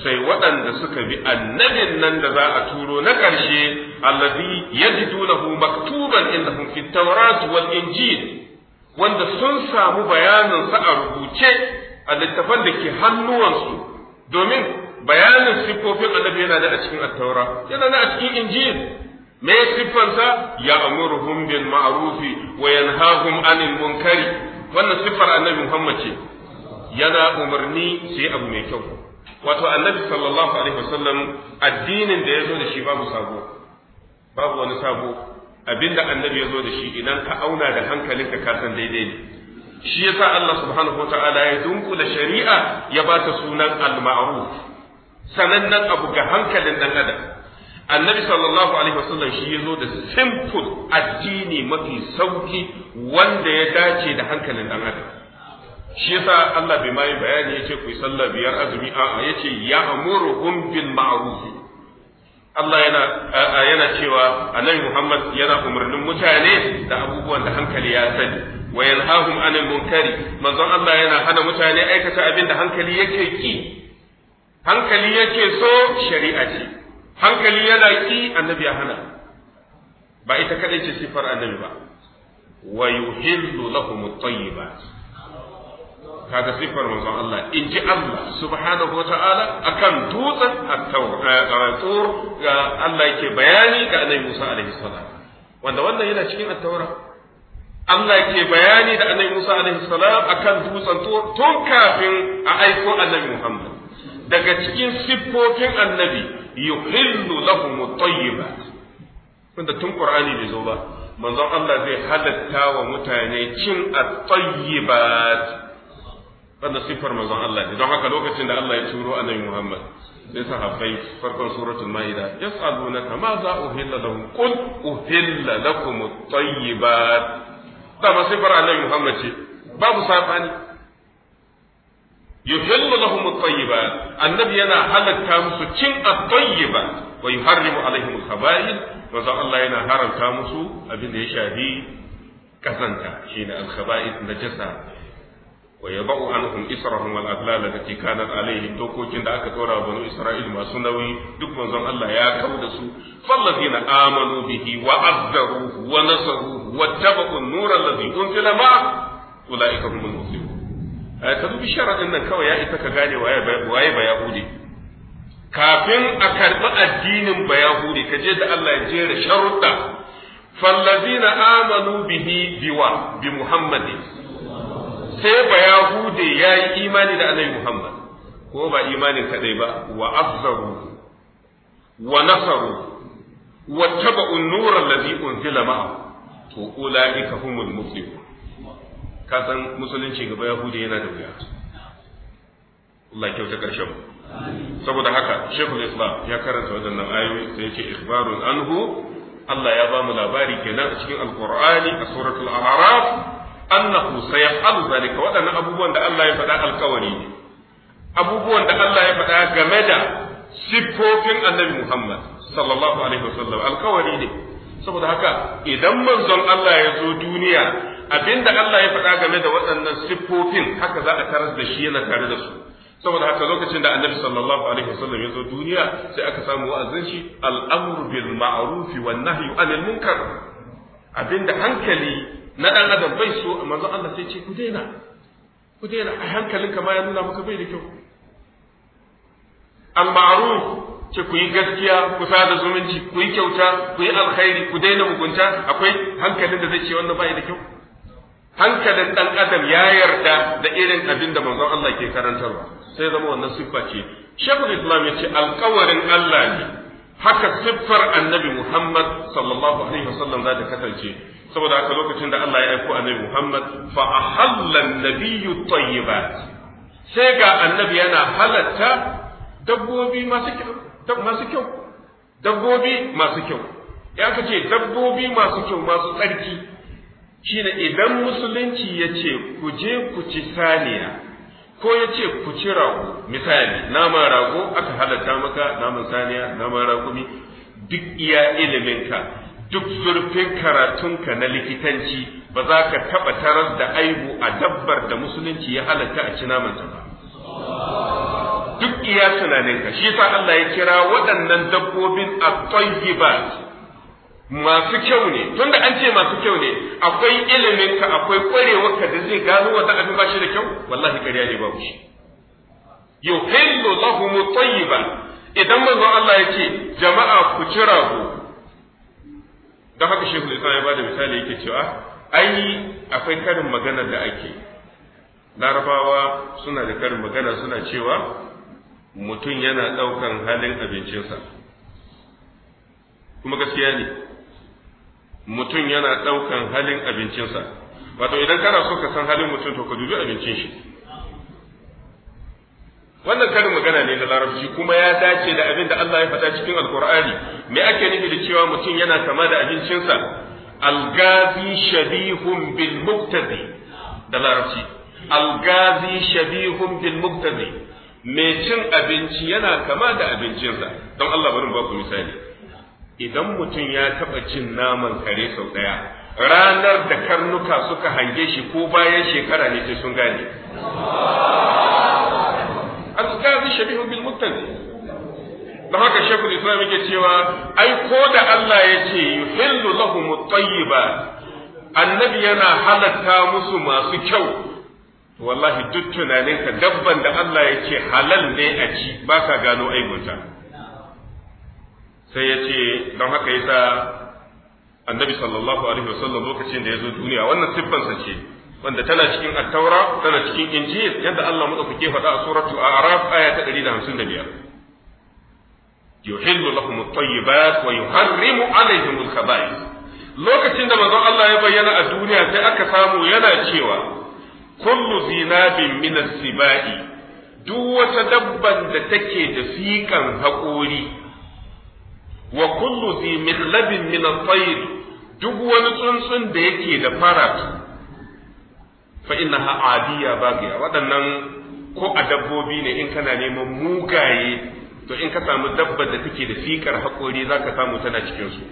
sai waɗanda suka bi annabin nan da za a turo na ƙarshe allazi yajidunahu maktuban innahum fit tawrat wal injil wanda sun samu bayanin sa a rubuce a littafan da ke hannuwansu domin bayanin siffofin annabi yana da a cikin attaura yana da a cikin injil me siffansa ya amuruhum bil ma'rufi wa yanhahum anil munkari wannan siffar annabi Muhammad ce yana umarni sai abu mai kyau wato annabi sallallahu alaihi wasallam addinin da ya zo da shi babu sabo babu wani sabo abinda annabi ya zo da shi idan ka auna da hankalinka ka san daidai ne shi yasa Allah subhanahu wataala ya dunkula shari'a ya ba ta sunan al-ma'ruf sanannen abu ga hankalin dan adam annabi sallallahu alaihi wasallam shi ya zo da simple addini mafi sauki wanda ya dace da hankalin dan adam shi yasa Allah bai mai bayani yace ku yi sallah biyar azumi a'a yace ya'muruhum bil ma'ruf Allah yana yana cewa Annabi Muhammad yana umarnin mutane da abubuwan da hankali ya sani wa yanhahum anil munkari manzon Allah yana hana mutane aikata abin da hankali yake ki hankali yake so shari'a ce hankali yana ki annabi ya hana ba ita kadai ce sifar annabi ba wa yuhillu lahum tayyibat kaga siffar manzon Allah in ji Allah subhanahu wa ta'ala akan dutsen at-tur eh, ga Allah yake bayani ga annabi Musa alaihi salam wanda wannan yana cikin at-taura Allah yake bayani da annabi Musa alaihi salam akan dutsen tur tun kafin a aiko annabi Muhammad daga cikin siffofin annabi yuhillu lahum at-tayyibat wanda tun Qur'ani bai zo ba manzon Allah zai halatta wa mutane cin at-tayyibat wanda siffar manzon Allah ne don haka lokacin da Allah ya turo annabi Muhammad sai sahabbai farkon suratul maida yas'alunaka ma za uhilla lahum qul uhilla lakum at-tayyibat dama siffar annabi Muhammad ce babu sabani yuhillu lahum at-tayyibat annabi yana halatta musu cin at-tayyibat wa yuharrimu alaihim al-khaba'ith manzon Allah yana haramta musu abin da ya shafi kasanta. shine al-khaba'ith najasa wa yadau anhum israhum wal aghlal allati kanat alayhi dokokin da aka tsora wa banu isra'il masu nauyi duk manzon Allah ya kau da su fallazina amanu bihi wa azzaruhu wa nasaruhu wa tabu an-nur allazi unzila ma ulaika humul muflihun ka dubi sharadin nan kawai ya isa ka gane waye ba yahudi kafin a addinin ba ka je da Allah ya jera sharuɗa fallazina amanu bihi biwa bi sai ba yahude ya yi imani da annabi Muhammad ko ba imanin kadai ba wa azzaru wa nasaru wa tabu an-nur unzila ma'ahu to ulaika humul muflihun ka san musulunci gaba yahudi yana da wuya Allah kyauta karshen saboda haka shekul islam ya karanta waɗannan ayoyi sai yake ikhbarun anhu Allah ya ba mu labari kenan a cikin alqur'ani a suratul a'raf annahu sayaf'alu zalika waɗannan abubuwan da Allah ya faɗa alkawari ne abubuwan da Allah ya faɗa game da siffofin annabi Muhammad sallallahu alaihi wasallam alkawari ne saboda haka idan manzon Allah ya zo duniya abinda Allah ya faɗa game da waɗannan siffofin haka za a tarar da shi yana tare da su saboda haka lokacin da annabi sallallahu alaihi wasallam ya zo duniya sai aka samu wa'azin shi al'amru bil ma'ruf wan nahyu anil munkar abinda hankali na ɗan adam bai so manzo Allah sai ce ku daina ku daina a hankalinka ma ya nuna maka bai da kyau al ma'ruf ce ku yi gaskiya ku da zumunci ku yi kyauta ku yi alkhairi ku daina mugunta akwai hankalin da zai ce wannan bai da kyau hankalin ɗan adam ya yarda da irin abin da manzon Allah ke karantarwa sai zama wannan siffa ce shekul islam ya ce alkawarin Allah ne haka siffar annabi Muhammad sallallahu alaihi wasallam za ta kasance saboda haka lokacin da Allah ya aiko annabi Muhammad fa ahallan nabiyyu tayyibat sai ga annabi yana halatta dabbobi masu kyau masu kyau dabbobi masu kyau ya kace dabbobi masu kyau masu tsarki shine idan musulunci ya ce ku je ku ci saniya ko ya ce ku ci rago misali naman rago aka halatta maka naman saniya naman rago duk iya ilimin ka duk zurfin karatunka na likitanci ba za ka taɓa tarar da aibu a dabbar da musulunci ya halatta a ci namanta ba duk iya tunaninka shi yasa Allah ya kira waɗannan dabbobin at-tayyibat masu kyau ne tunda an ce masu kyau ne akwai ilimin ka akwai kwarewarka da zai gano wata abin ba shi da kyau wallahi ƙarya ne babu shi yuhillu lahum tayyiban idan manzo Allah ya ce jama'a ku ci rago don haka shekul islam ya bada misali yake cewa ai akwai karin magana da ake larabawa suna da karin magana suna cewa mutum yana ɗaukan halin abincinsa kuma gaskiya ne mutum yana ɗaukan halin abincinsa wato idan kana so ka san halin mutum to ka dubi abincin shi wannan karin magana ne na larabci kuma ya dace da abin da Allah ya faɗa cikin alkur'ani me ake nufi da cewa mutum yana kama da abincinsa algazi shabihun bil muktazi da larabci algazi shabihun bil muktazi mai cin abinci yana kama da abincinsa don Allah bari ba ku misali idan mutum ya taɓa cin naman kare sau ɗaya ranar da karnuka suka hange shi ko bayan shekara ne sai sun gane alkazi shabihu bil muttazi da haka shekul islam yake cewa ai ko da Allah ya ce yuhillu lahum at-tayyiba annabi yana halatta musu masu kyau wallahi duk ka dabban da Allah ya ce halal ne a ci ba ka gano aibunta sai ya ce don haka yasa annabi sallallahu alaihi wasallam lokacin da ya zo duniya wannan siffansa ce wanda tana cikin attaura tana cikin injil yadda Allah madaukake faɗa a suratu a'raf aya ta 155 yuhillu lahum at-tayyibat wa yuharrimu alaihim al-khaba'ith lokacin da manzon Allah ya bayyana a duniya sai aka samu yana cewa kullu zinabin min as-sibai duk wata dabban da take da siƙan haƙori wa kullu zi mihlabin min at-tayr duk wani tsuntsun da yake da faratu fa ha adiya bagiya waɗannan ko a dabbobi ne in kana neman mugaye to in ka samu dabbar da take da fikar haƙori za ka samu tana cikinsu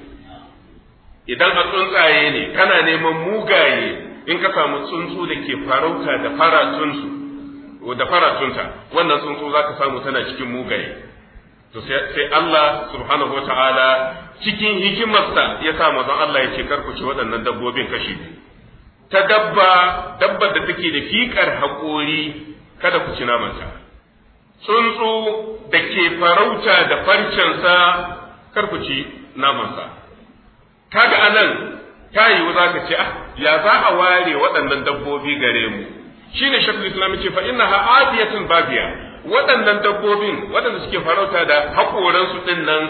idan a tsuntsaye ne kana neman mugaye in ka samu tsuntsu da ke farauta da da faratunta wannan tsuntsu za ka samu tana cikin mugaye to sai Allah subhanahu wa ta'ala cikin hikimarsa ya sa mazan Allah ya ce karku ci waɗannan dabbobin kashi biyu ta dabba dabba da take da fikar haƙori kada ku ci namanta tsuntsu da ke farauta da farcensa kar ku ci namansa kaga anan ta yiwu za ka ce ah ya za a ware waɗannan dabbobi gare mu shine shakul islam ce fa innaha afiyatun babiya waɗannan dabbobin waɗanda suke farauta da haƙoransu ɗin nan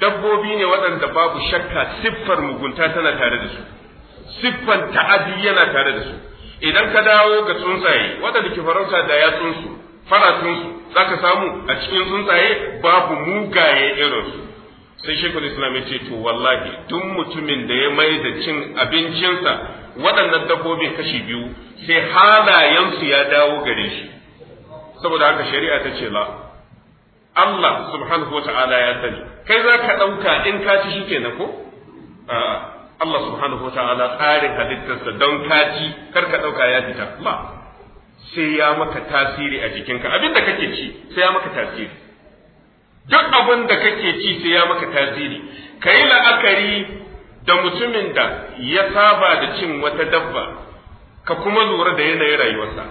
dabbobi ne waɗanda babu shakka siffar mugunta tana tare da su siffan ta'adi yana tare da su idan ka dawo ga tsuntsaye waɗanda ke farauta da yatsunsu faratunsu za ka samu a cikin tsuntsaye babu mugaye irinsu sai shekul islam ce to wallahi duk mutumin da ya mai da cin abincinsa waɗannan dabbobin kashi biyu sai halayensu ya dawo gare shi saboda haka shari'a ta ce la Allah subhanahu wa ta'ala ya sani kai za ka ɗauka in ka ci shi kenan ko a'a Allah subhanahu wa ta'ala tsarin halittarsa don kaci kar ka ɗauka ya fita Ba sai ya maka tasiri a jikinka abin da kake ci sai ya maka tasiri duk abin da kake ci sai ya maka tasiri kai la'akari da mutumin da ya saba da cin wata dabba ka kuma lura da yanayin rayuwarsa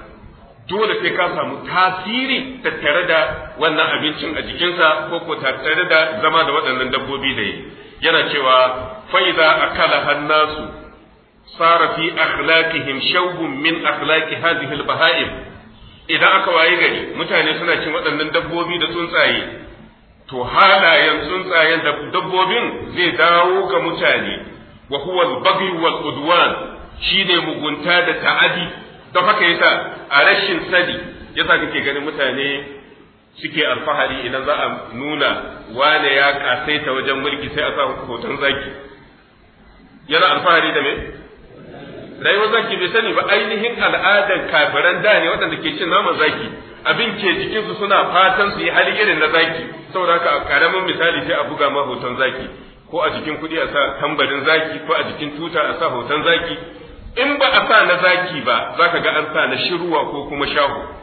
dole sai ka samu tasiri tattare da wannan abincin a jikinsa ko ko tattare da zama da waɗannan dabbobi da yi yana cewa a akala hannasu sara fi akhlaqihim shawbun min akhlaqi hadhihi al-baha'im idan aka waye gari mutane suna cin waɗannan dabbobi da tsuntsaye to halayen tsuntsayen dabbobin zai dawo ga mutane wa huwa al-baghy wal udwan shine mugunta da ta'adi don haka yasa a rashin sani yasa kake ganin mutane suke alfahari idan za a nuna wane ya kasaita wajen mulki sai a sa hoton zaki yana alfahari da me rayuwar zaki bai sani ba ainihin al'adan kafiran da ne waɗanda ke cin naman zaki abin ke jikinsu suna fatan su yi hali irin na zaki saboda haka a karamin misali sai a buga ma hoton zaki ko a jikin kuɗi a sa tambarin zaki ko a jikin tuta a sa hoton zaki in ba a sa na zaki ba za ka ga an sa na shiruwa ko kuma shahu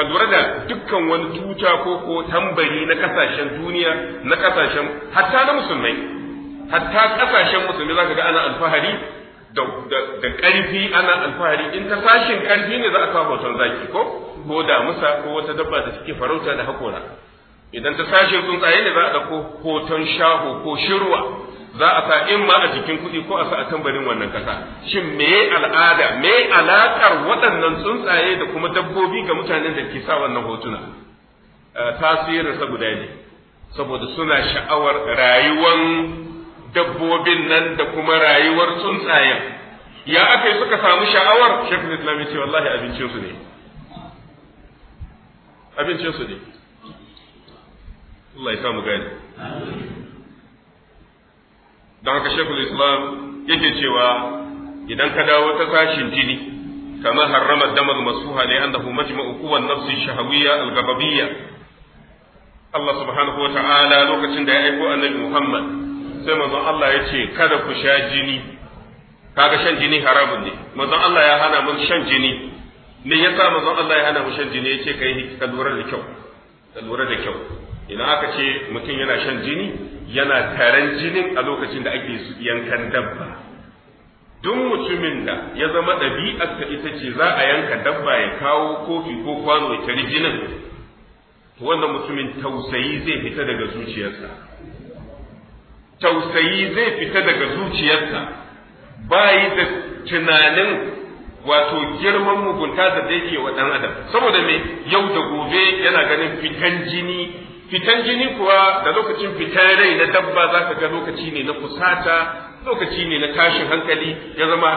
ka lura da dukkan wani tuta ko ko tambari na kasashen duniya na kasashen hatta na musulmai hatta kasashen musulmai zaka ga ana alfahari da da karfi ana alfahari in ta sashin karfi ne za a kawo hoton zaki ko ko da musa ko wata dabba da take farauta da hakora idan ta sashin tsuntsaye ne za a dauko hoton shaho ko shirwa za a sa in ma a jikin kuɗi ko a sa a tambarin wannan kasa. shin me al'ada me alaƙar waɗannan tsuntsaye da kuma dabbobi ga mutanen da ke sa wannan hotuna eh, tasirinsa guda ne saboda suna sha'awar rayuwan dabbobin nan da kuma rayuwar tsuntsayen ya aka yi suka samu sha'awar shekul islam ya ce wallahi abincinsu ne abincinsu ne Allah ya samu gani don haka shekul islam yake cewa idan ka dawo ta sashin jini kamar harrama damar masu masuha ne annahu majma'u ma'ukuwan nafsin shahawiyya al Allah subhanahu ta'ala lokacin da ya aiko annabi Muhammad sai manzo Allah ya ce kada ku sha jini kaga shan jini haramun ne manzo Allah ya hana mun shan jini me yasa manzo Allah ya hana mu shan jini yace kai ka lura da kyau ka lura da kyau idan aka ce mutum yana shan jini yana taron jinin a lokacin da ake yankan dabba duk mutumin da ya zama ɗabi'arsa ita ce za a yanka dabba ya kawo kofi ko kwano ya tari jinin wannan mutumin tausayi zai fita daga zuciyarsa tausayi zai fita daga zuciyarsa bayi da tunanin wato girman mugunta da yake wa ɗan adam saboda me yau da gobe yana ganin fitan jini fitan jini kuwa da lokacin fitan rai na dabba za ka ga lokaci ne na kusata lokaci ne na tashin hankali ya zama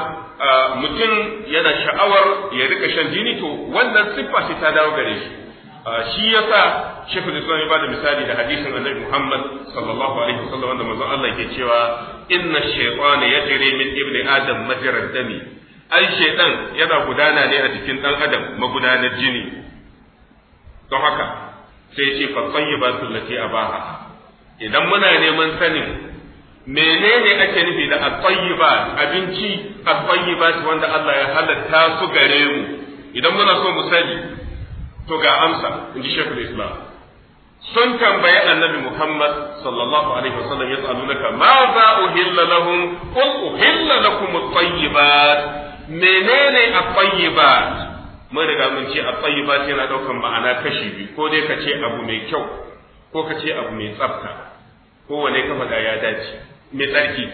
mutum yana sha'awar ya rika shan jini to wannan siffa shi ta dawo gare shi shi yasa Sheikh Islam ya bada misali da hadisin Annabi Muhammad sallallahu alaihi wasallam wanda manzon Allah ke cewa inna shaytana yajri min ibni adam majra dami ai shaytan yana gudana ne a jikin dan adam magudanar jini don haka sai ce fasayi ba su lati a baha idan muna neman sanin menene ake nufi da atayyiba abinci atayyiba wanda Allah ya halatta su gare mu idan muna so mu sani to ga amsa inji Sheikhul Islam sun tambayi annabi Muhammad sallallahu alaihi wasallam yas'alunaka kama za uhilla lahum qul uhilla lakum at-tayyibat menene at-tayyibat mun riga mun ce ba sai yana daukan ma'ana kashi biyu ko dai ka ce abu mai kyau ko ka ce abu mai tsafta ko wane ka faɗa ya dace mai tsarki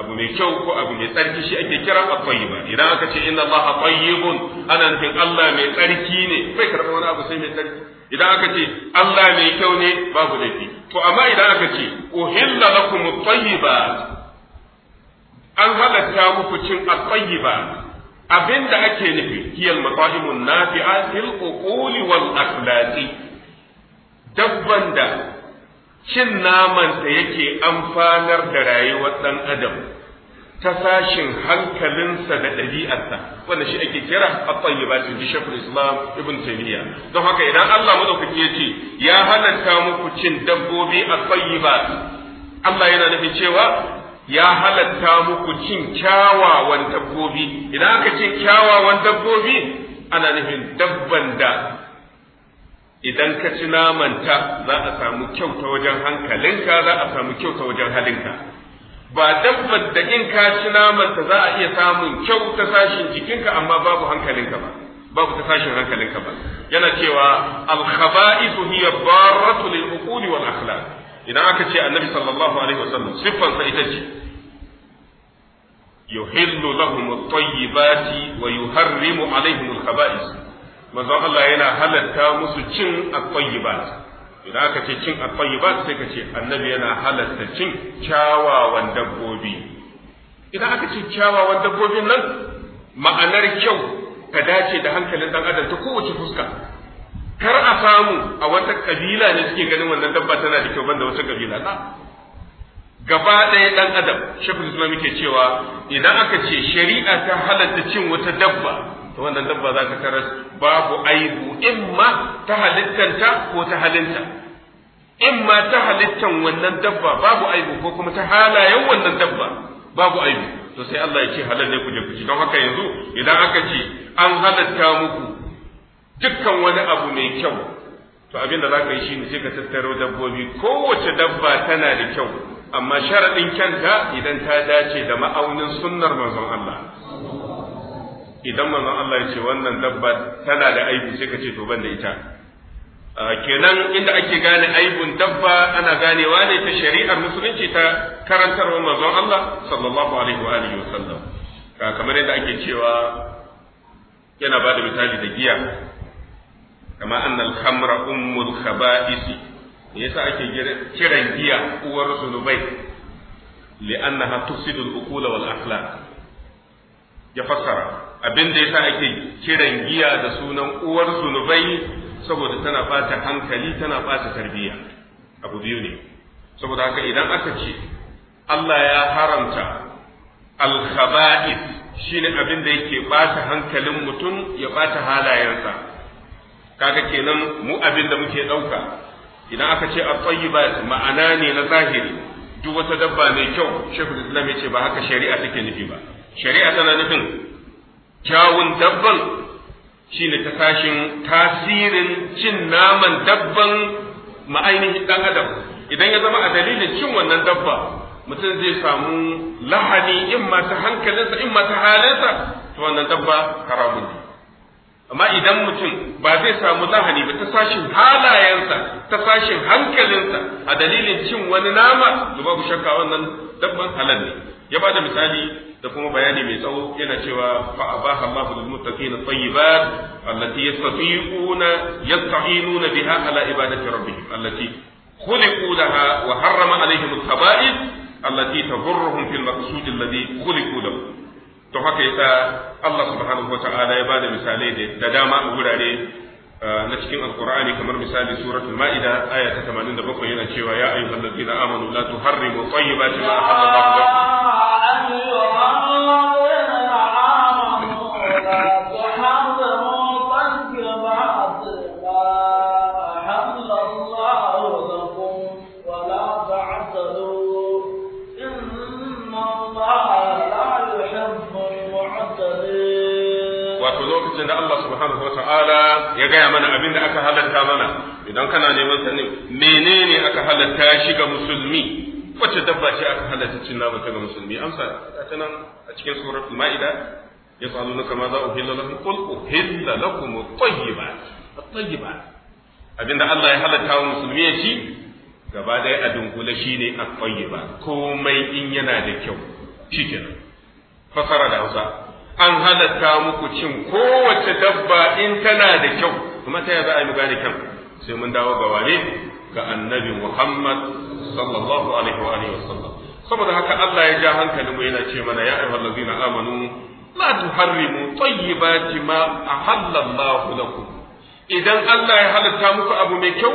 abu mai kyau ko abu mai tsarki shi ake kira at ba. idan aka ce inna Allah tayyibun ana nufin Allah mai tsarki ne bai karɓa wani abu sai mai tsarki idan aka ce Allah mai kyau ne babu laifi to amma idan aka ce uhilla lakum at-tayyibat an halatta muku cin at-tayyibat Abin da ake nufi hiyal masahimun nafi'a fil uquli wal akhlaqi dabban da cin naman ta yake amfanar da rayuwar ɗan adam ta sashin hankalinsa da ɗabi'arsa wanda shi ake kira ba ya bi bishafin islam ibn taymiya don haka idan Allah madaukaki ya ce ya halatta muku cin dabbobi a ba Allah yana nufin cewa ya halatta muku cin kyawawan dabbobi idan aka ce kyawawan dabbobi ana nufin dabban da idan ka ci namanta za a samu kyau ta wajen hankalinka za a samu kyau ta wajen halinka ba dabban da in ka ci namanta za a iya samun kyau ta sashin jikinka amma babu hankalinka ba babu ta sashin hankalinka ba yana cewa al-khaba'ithu hiya barratu lil uquli wal akhlaq idan aka ce annabi sallallahu alaihi wasallam siffansa ita ce yuhillu lahum at-tayyibati wa yuharrimu alaihim al-khaba'is manzo Allah yana halatta musu cin at-tayyibat idan aka ce cin at-tayyibat sai ka ce annabi yana halatta cin kyawawan dabbobi idan aka ce kyawawan dabbobin nan ma'anar kyau ka dace da hankalin dan adam ta kowace fuska kar a samu a wata kabila ne suke ganin wannan dabba tana da kyau banda wata kabila na gaba ɗaya ɗan adam shafin islam ke cewa idan aka ce shari'a ta halatta cin wata dabba to wannan dabba za ka karas babu aibu in ma ta halittanta ko ta halinta ma ta halittan wannan dabba babu aibu ko kuma ta halayen wannan dabba babu aibu to sai Allah ya ce halal ne ku je ku ci don haka yanzu idan aka ce an halatta muku dukkan wani abu mai kyau to abin da za ka yi shi ne sai ka tattaro dabbobi kowace dabba tana da kyau amma sharaɗin kyanta idan ta dace da ma'aunin sunnar manzon Allah idan manzon Allah ya ce wannan dabba tana da aibu sai ka ce to ban da ita kenan inda ake gane aibun dabba ana ganewa ne ta shari'ar musulunci ta karantarwa manzon Allah sallallahu alaihi wa alihi wa kamar yadda ake cewa yana ba da misali da giya kama annal khamra ummul khaba'isi me yasa ake kiran giya uwar zunubai li'annaha tufsidul uqula wal akhlaq ya fassara abin da yasa ake kiran giya da sunan uwar zunubai saboda tana bata hankali tana bata tarbiyya abu biyu ne saboda haka idan aka ce Allah ya haramta al shi ne abin da yake bata hankalin mutum ya bata halayensa kaga kenan mu abin da muke ɗauka idan aka ce a tsayibat ma'ana ne na zahiri duk wata dabba mai kyau shekul islam ya ce ba haka shari'a take nufi ba shari'a tana nufin kyawun dabban shine ta sashin tasirin cin naman dabban ma'ainihin adam idan ya zama a dalilin cin wannan dabba mutum zai samu lahani in ma ta hankalinsa in ma ta halinsa to wannan dabba haramun ne amma idan mutum ba zai samu lahani ba ta sashin halayensa ta sashin hankalinsa a dalilin cin wani nama to babu shakka wannan dabban halal ne ya ba da misali da kuma bayani mai tsawo yana cewa fa abaha Allahu lil muttaqina tayyibat allati yastatiquna yasta'inuna biha ala ibadati rabbihim allati khuliqu laha wa harrama alaihim al-khaba'ith allati tadurruhum fil maqsud alladhi khuliqu lahu don haka yasa Allah subhanahu wata'ala ya bada misalai da dama a wurare uh, na cikin alqur'ani kamar misali suratul ma'ida aya ta 87 yana cewa ya ayyuhal ladina amanu la tuharrimu tayyibati ma ahalla Allahu lakum lokacin da Allah subhanahu wa ta'ala ya gaya mana abin da aka halatta mana idan kana neman sanin menene aka halatta shi ga musulmi wacce dabba ce aka halatta cin naman ta ga musulmi amsa ta nan a cikin suratul ma'ida yasalunaka ma za uhilla lakum qul uhilla lakum at-tayyibat at-tayyibat abinda Allah ya halatta wa musulmi ya ci gaba ɗaya a dunkule shine at-tayyibat komai in yana da kyau shikenan fasara da Hausa an halatta muku cin kowace dabba in tana da kyau kuma ta za a yi mu gane kyan sai mun dawo ga wane ga annabi Muhammad sallallahu alaihi wa alihi wasallam saboda haka Allah ya ja hankalin mu yana ce mana ya ayyuhal ladina amanu la tuharrimu tayyibati ma ahalla Allah lakum idan Allah ya halatta muku abu mai kyau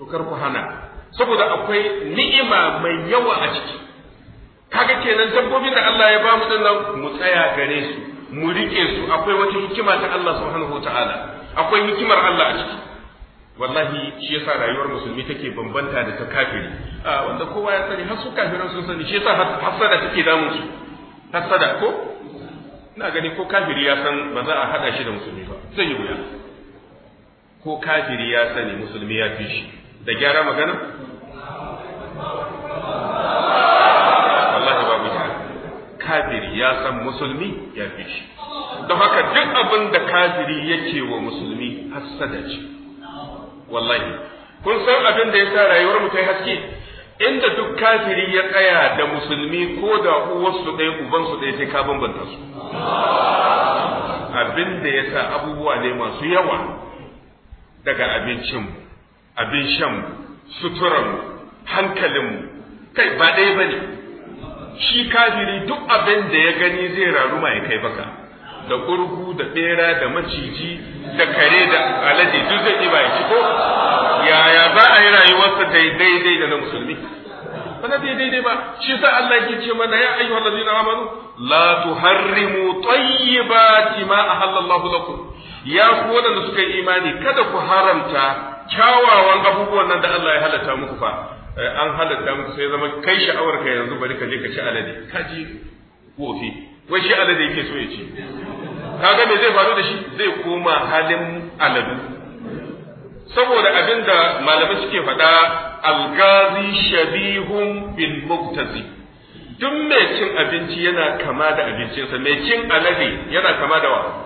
to kar ku hana saboda akwai ni'ima mai yawa a ciki kaga kenan dabbobin da Allah ya ba mu nan mu tsaya gare su mu rike su akwai wata hikima ta Allah subhanahu wataala akwai hikimar Allah a ciki wallahi shi yasa rayuwar musulmi take bambanta da ta kafiri ah, wanda kowa ya sani har su kafiran sun sani shi yasa hasada take damun su hasada ko ina gani ko kafiri ya san ba za a hada shi da musulmi ba zai yi wuya ko kafiri ya sani musulmi ya fi shi da gyara magana kafiri ya san musulmi ya fi shi don haka duk abin da kafiri yake wa musulmi hassada ce wallahi kun san abin da ya sa rayuwar mu ta haske inda duk kafiri ya tsaya da musulmi ko da uwarsu ɗaya ubansu ɗaya sai ka bambanta su abin da ya sa abubuwa ne masu yawa daga abincinmu abin shan suturanmu hankalinmu kai ba ɗaya ba ne shi kafiri duk abin da ya gani zai raruma ya kai baka da kurgu da bera da maciji da kare da alade duk zai ɗiba ya ko yaya za a yi rayuwarsa daidai da na musulmi bana bai daidai ba shi sa Allah ke ce mana ya ayyuhal ladina amanu la tuharrimu tayyibati ma ahallallahu lakum ya ku wanda suka yi imani kada ku haramta kyawawan abubuwan nan da Allah ya halatta muku fa Eh, an halatta muku sai zama kai sha'awar ka yanzu bari ka je ka ci alade ka ji wofi wai shi alade yake so ya ci ka ga me zai faru da shi zai koma halin aladu saboda abinda malamai suke faɗa algazi shabihun bil muktazi duk mai cin abinci yana kama da abincinsa mai cin alade yana kama da wa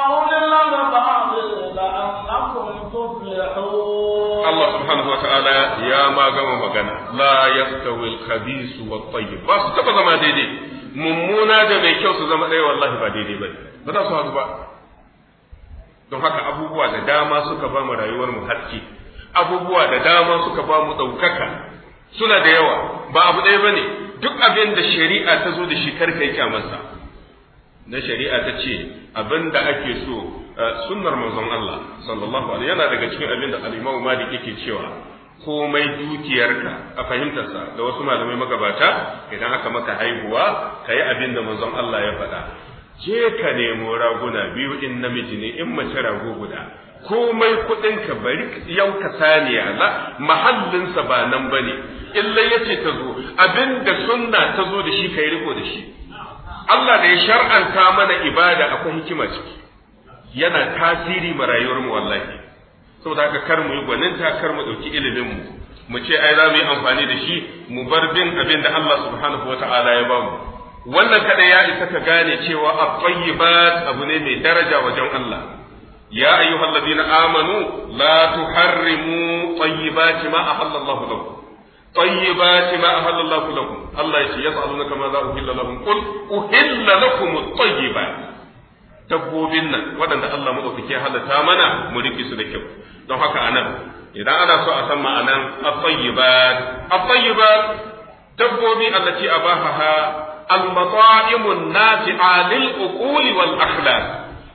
subhanahu wataala ya ma gama magana la yastawi al-khabith wa tayyib ba su taba zama daidai mummuna da mai kyau su zama ɗaya wallahi ba daidai bane ba za su haɗu ba don haka abubuwa da dama suka ba mu rayuwar mu haske abubuwa da dama suka ba mu ɗaukaka suna da yawa ba abu ɗaya bane duk abin da shari'a ta zo da shi karkai kyamarsa na shari'a ta ce abin da ake so Eh, sunnar manzon Allah sallallahu alaihi yana daga cikin abin da al-Imam Malik yake cewa komai dukiyarka a fahimtarsa da wasu malamai magabata idan aka maka haihuwa kayi abin da manzon Allah ya faɗa je ka nemo raguna biyu in namiji ne in mace rago guda komai kuɗinka bari yau yanka saniya la mahallinsa ba nan bane illa yace ta zo abin da sunna ta zo da shi kai riko da shi Allah da ya shar'anta mana ibada akwai hikima ciki yana tasiri ma rayuwar mu wallahi saboda haka kar mu yi gwaninta kar mu ɗauki ilimin mu mu ce ai za mu yi amfani da shi mu bar bin abin da Allah subhanahu Ta'ala ya bamu wannan kada ya isa ka gane cewa at-tayyibat abu ne mai daraja wajen Allah ya ayyuhal ladina amanu la tuharrimu tayyibati ma ahalla Allah lakum tayyibati ma ahalla Allah lakum Allah yace yas'alunaka ma za uhilla lahum qul uhilla lakum at-tayyibat dabbobin nan waɗanda Allah maɗaukake halatta mana mu riƙe su da kyau don haka anan idan ana so a san ma'anan at-tayyibat at-tayyibat dabbobi allati abahaha al-mata'imun nafi'a lil uquli wal akhlaq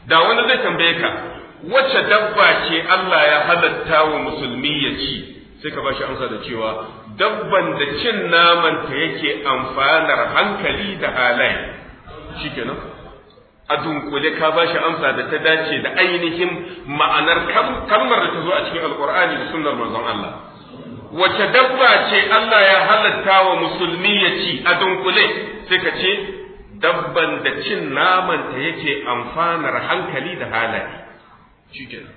da wani zai tambaye ka wacce dabba ce Allah ya halatta wa musulmi ya ci sai ka bashi amsa da cewa dabban da cin naman ta yake amfanar hankali da halaye shikenan a dunkule ka ba shi amsa da ta dace da ainihin ma'anar kalmar da ta zo a cikin alkur'ani da sunnar manzon Allah wace dabba ce Allah ya halatta wa musulmi ya ci a dunkule sai ka ce dabban da cin naman ta yake amfanar hankali da halaye shikenan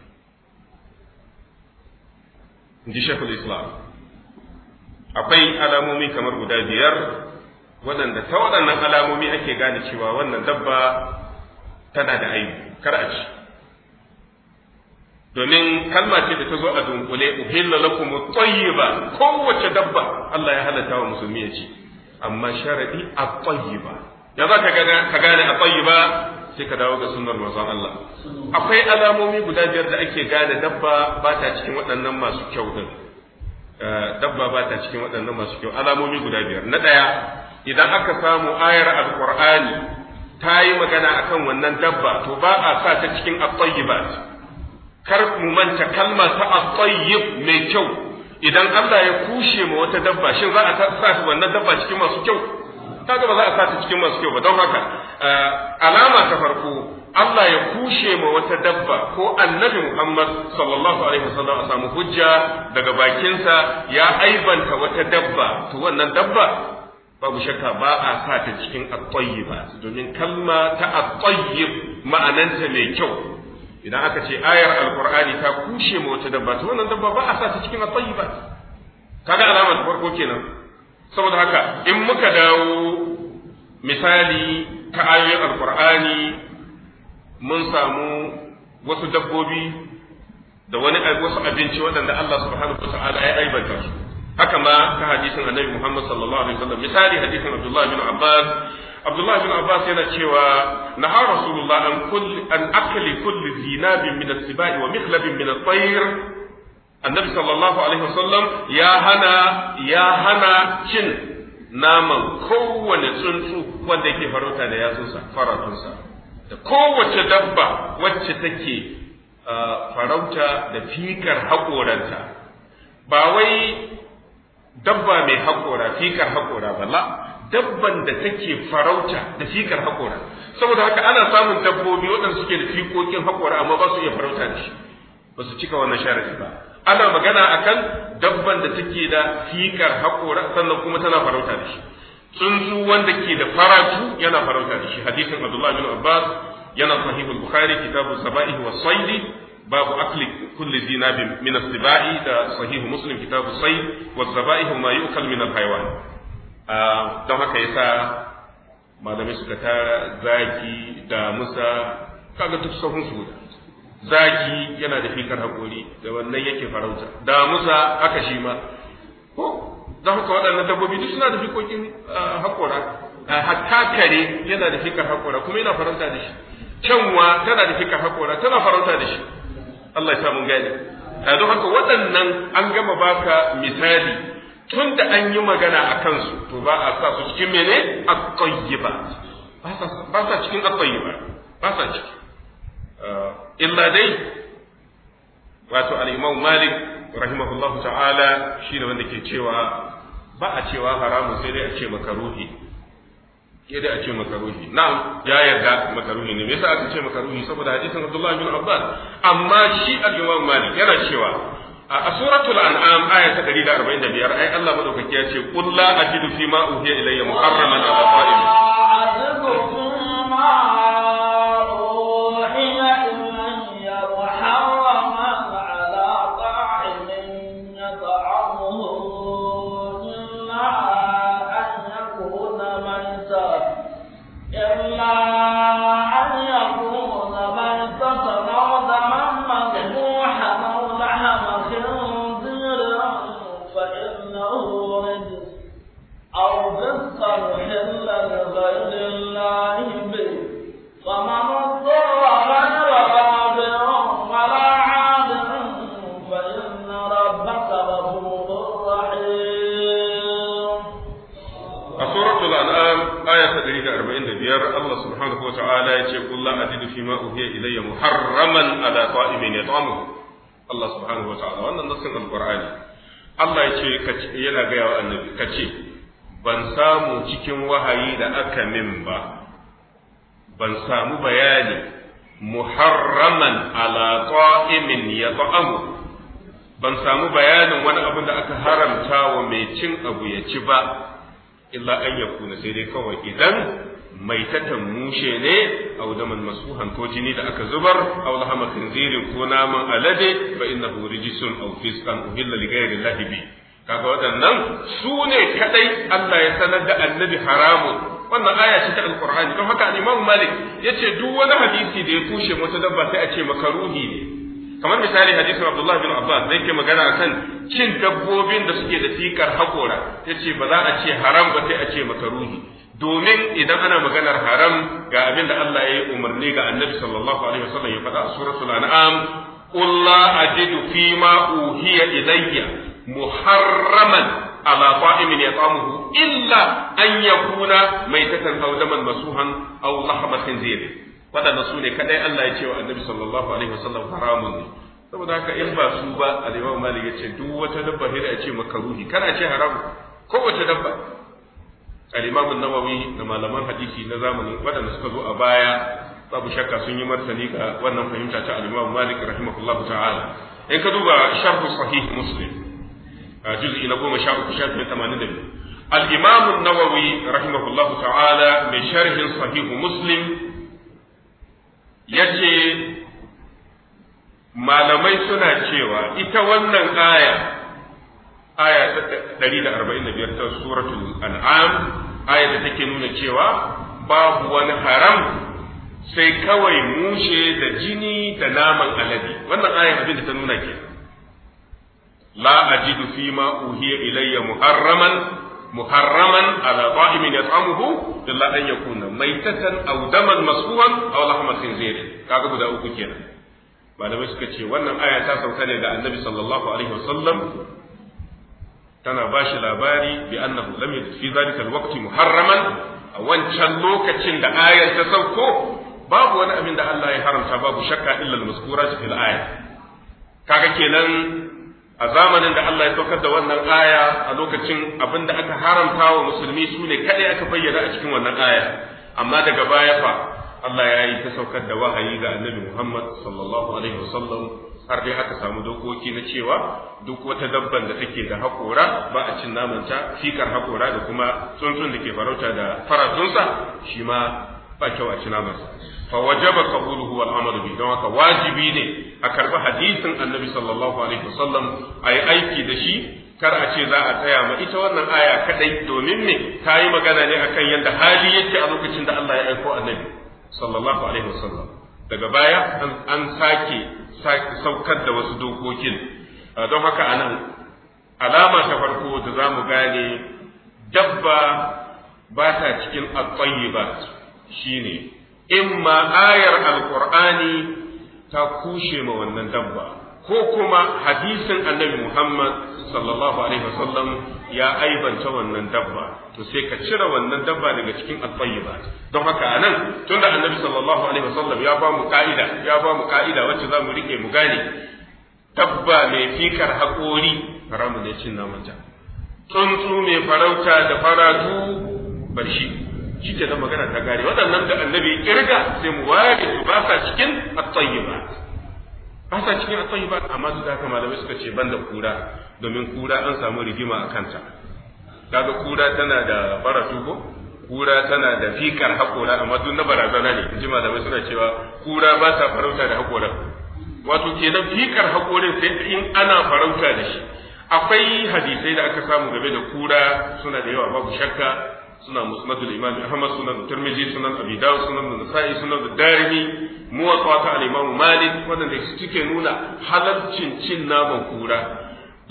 inji shekul islam akwai alamomi kamar guda biyar waɗanda ta waɗannan alamomi ake gane cewa wannan dabba tana da haihu kar a ci domin kalma ce da ta zo a dunkule uhilla lakum tayyiba kowace dabba Allah ya halatta wa musulmi ya ci amma sharadi a tayyiba ya za ka gane ka gane at tayyiba sai ka dawo ga sunnar manzon Allah akwai alamomi guda biyar da ake gane dabba ba ta cikin waɗannan masu kyau din eh, dabba ba ta cikin waɗannan masu kyau alamomi guda biyar na ɗaya idan aka samu ayar alqur'ani ta yi magana akan wannan dabba to ba a sa ta cikin at-tayyibat kar mu manta kalma ta at-tayyib mai kyau idan Allah ya kushe ma wata dabba shin za a sa wannan dabba cikin masu kyau kaga ba za a sa ta cikin masu kyau ba don haka eh, alama ta farko Allah ya kushe ma wata dabba ko annabi Muhammad sallallahu alaihi wasallam a samu hujja daga bakinsa ya aibanta wata dabba to wannan dabba babu shakka ba a sa ta cikin akwai ba domin kalma ta akwai ma'ananta mai kyau idan aka ce ayar alkur'ani ta kushe ma wata dabba to wannan dabba ba a sa ta cikin akwai ba kaga ta farko kenan saboda haka in muka dawo misali ta ayoyin alkur'ani mun samu wasu dabbobi da wani wasu abinci waɗanda Allah subhanahu wa ta'ala ya aibanta haka ma ta hadisin annabi Muhammad sallallahu alaihi wasallam misali hadisin Abdullah bin Abbas Abdullah bin Abbas yana cewa naha Rasulullah an kulli an akli kulli zinabin min as-sibai wa mikhlabin min at-tayr Annabi sallallahu alaihi wasallam ya hana ya hana cin naman kowane tsuntsu wanda yake farauta da yatsunsa faratunsa da kowace dabba wacce take ah, farauta da fikar haƙoranta ba wai dabba mai haƙora fikar haƙora balla dabban da take farauta da fikar haƙora saboda haka ana samun dabbobi waɗanda suke da fikokin haƙora amma ba su iya farauta da shi ba su cika wannan sharadi ba ana magana akan dabban da take da fikar haƙora sannan kuma tana farauta da shi tsuntsu wanda ke da faratu yana farauta da shi hadisin Abdullah bin Abbas yana sahihul Bukhari kitabu saba'ihi wa saidi babu akli كل zinabin ناب من السباع da sahihu مسلم كتاب الصيد والذبائح ما يؤكل من الحيوان al-hayawan don haka yasa malamai suka tara zaki da musa kaga duk sahun su zaki yana da fikar hakori da wannan yake farauta da musa haka shi ma ko don haka waɗannan dabbobi duk suna da fikokin hatta kare yana da fikar hakora kuma yana farauta da shi Canwa tana da fikar hakora tana farauta da shi Allah ya mun A eh, don haka waɗannan an gama baka misali tun da an yi magana a kansu to ba a sa su cikin mene a ƙwayi ba Ba sa cikin a ƙwayi ba ba sa ciki eh, illa dai wato al’imau Malik rahimahullahu ta'ala ne wanda ke cewa ba a cewa haramun sai dai a ce makaruhi yadda a ce makaruhi na'am ya yarda makaruhi ne me yasa aka ce makaruhi saboda hadisin Abdullah bin Abbas amma shi al-Imam Malik yana cewa a suratul an'am aya ta 145 ai Allah madaukaki ya ce qul la ajidu fi ma uhiya ilayya muharraman ala ta'im mimma uhiya ilayya muharraman ala qa'imin yat'amuhu Allah subhanahu wa ta'ala wannan nassin alqur'ani Allah ya ce yana ga yawa annabi kace ban samu cikin wahayi da aka min ba ban samu bayani muharraman ala qa'imin yat'amuhu ban samu bayanin wani abin da aka haramta wa mai cin abu ya ci ba illa an yakuna sai dai kawai idan mai tatan mushe ne aw daman masuhan ko jini da aka zubar aw lahama khinzirin ko naman alade fa innahu rijsun aw fisqan uhilla li ghayri llahi bi kaga waɗannan su ne kadai Allah ya sanar da annabi haramun wannan aya ce ta alqur'ani don haka imam malik yace duk wani hadisi da ya tushe wata dabba sai a ce makaruhi ne kamar misali hadisin Abdullah bin Abbas da yake magana kan cin dabbobin da suke da tikar haƙora yace ba za a ce haram ba sai a ce makaruhi domin idan ana maganar haram ga abin da Allah ya yi umarni ga annabi sallallahu alaihi wasallam ya faɗa a suratul an'am qul la ajidu fi ma uhiya ilayya muharraman ala ta'imin yat'amuhu illa an yakuna maitatan aw daman masuhan aw lahma khinzir wadannan su ne kadai Allah ya ce wa annabi sallallahu alaihi wasallam haramun ne saboda haka in ba su ba al-imam malik ya ce duk wata dabba hira ya ce makaruhi kana ce haram kowace dabba al-imam nawawi da malaman hadisi na zamanin wadanda suka zo a baya babu shakka sun yi martani ga wannan fahimta ta al-imam malik rahimahullahu ta'ala in ka duba sharh sahih muslim a juz'i na goma sha uku shafin tamanin da biyu al-imam nawawi rahimahullahu ta'ala mai sharhin sahih muslim yace malamai suna cewa ita wannan aya aya ta 145 ta suratul an'am ayar da take nuna cewa babu wani haram sai kawai mushe da jini da naman alade wannan aya abin da ta nuna ke la ajidu fi ma uhiya ilayya muharraman muharraman ala ta'imin yat'amuhu illa an yakuna maitatan aw daman masfuwan aw lahma khinzir kaga guda uku kenan malamai suka ce wannan aya ta sauka ne da annabi sallallahu alaihi wasallam tana ba shi labari bi annahu lam fi zalika alwaqti muharraman a wancan lokacin da ayar ta sauko babu wani abin da Allah ya haramta babu shakka illa almaskura fil aya kaga kenan a zamanin da Allah ya saukar da wannan aya a lokacin abin da aka haramta wa musulmi su ne kadai aka bayyana a cikin wannan aya amma daga baya fa Allah ya yi ta saukar da wahayi ga Annabi Muhammad sallallahu alaihi wasallam har dai aka samu dokoki na cewa duk wata dabban da take da haƙora ba a cin namanta fikar haƙora da kuma tsuntsun da ke farauta da faratunsa shi ma ba kyau a ci namansa fa wajaba qabuluhu wal amalu bi don haka wajibi ne a karbi hadisin annabi sallallahu alaihi wasallam a yi aiki da shi kar a ce za a tsaya ma ita wannan aya kadai domin me ta yi magana ne akan yadda hali yake a lokacin da Allah ya aiko annabi sallallahu alaihi wasallam daga baya an sake saukar da wasu dokokin ah, don haka anan alama ta farko da za mu gane dabba ba ta cikin atsayi ba shi ne imma ayar alkur'ani ta kushe ma wannan dabba ko kuma hadisin annabi muhammad sallallahu alaihi wasallam ya aibanta wannan dabba to sai ka cire wannan dabba daga cikin al tayyiba don haka anan tunda annabi sallallahu alaihi wasallam ya ba mu ka'ida ya ba mu ka'ida wacce za mu rike mu gane dabba mai fikar hakori haramun ne cin naman ta tsuntsu mai farauta da faratu barshi shi ke magana ta gare waɗannan da annabi kirga sai mu ware su ba sa cikin al tayyiba ba sa cikin akwai ba amma su da malamai suka ce banda kura domin kura an samu rigima a kanta kaga kura tana da fara tuko. kura tana da fikar hakora amma duk na barazana ne inji malamai suna cewa kura ba ta farauta da hakoran wato kenan fikar hakorin sai in ana farauta da shi akwai hadisai da aka samu game da kura suna da yawa babu shakka suna al imam ahmad sunan tirmidhi sunan abi dawud sunan nasa'i sunan darimi muwatta ta al-imam malik da suke nuna halalcin cin naman kura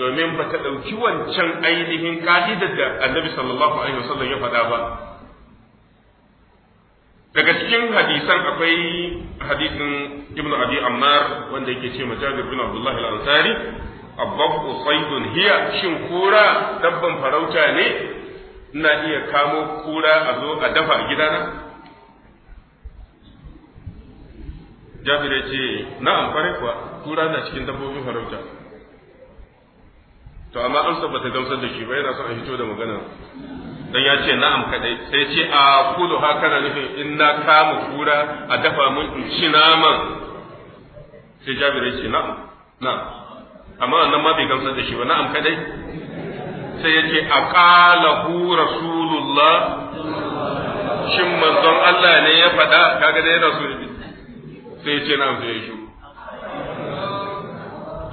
domin ba ta ɗauki wancan ainihin ka'idar da annabi sallallahu alaihi wasallam ya faɗa ba daga cikin hadisan akwai hadisin ibnu abi ammar wanda yake ce majabir bin abdullah al-ansari abbu saydun hiya shin kura dabban farauta ne ina iya kamo kura a zo a dafa a gidana jabir ya ce na'am amfani kuwa kura na cikin dabbobin farauta to amma amsa ba ta gamsar da shi ba yana son a fito da magana dan ya ce na'am kadai sai ce a kudu haka na nufin in na kamo kura a dafa mun in ci naman sai jabir ya ce na'am na'am amma wannan ma bai gamsar da shi ba na'am kadai sai ya ce a aqalahu rasulullah shin manzon Allah ne ya faɗa kaga dai yana so sai ya ce na sai ya shiru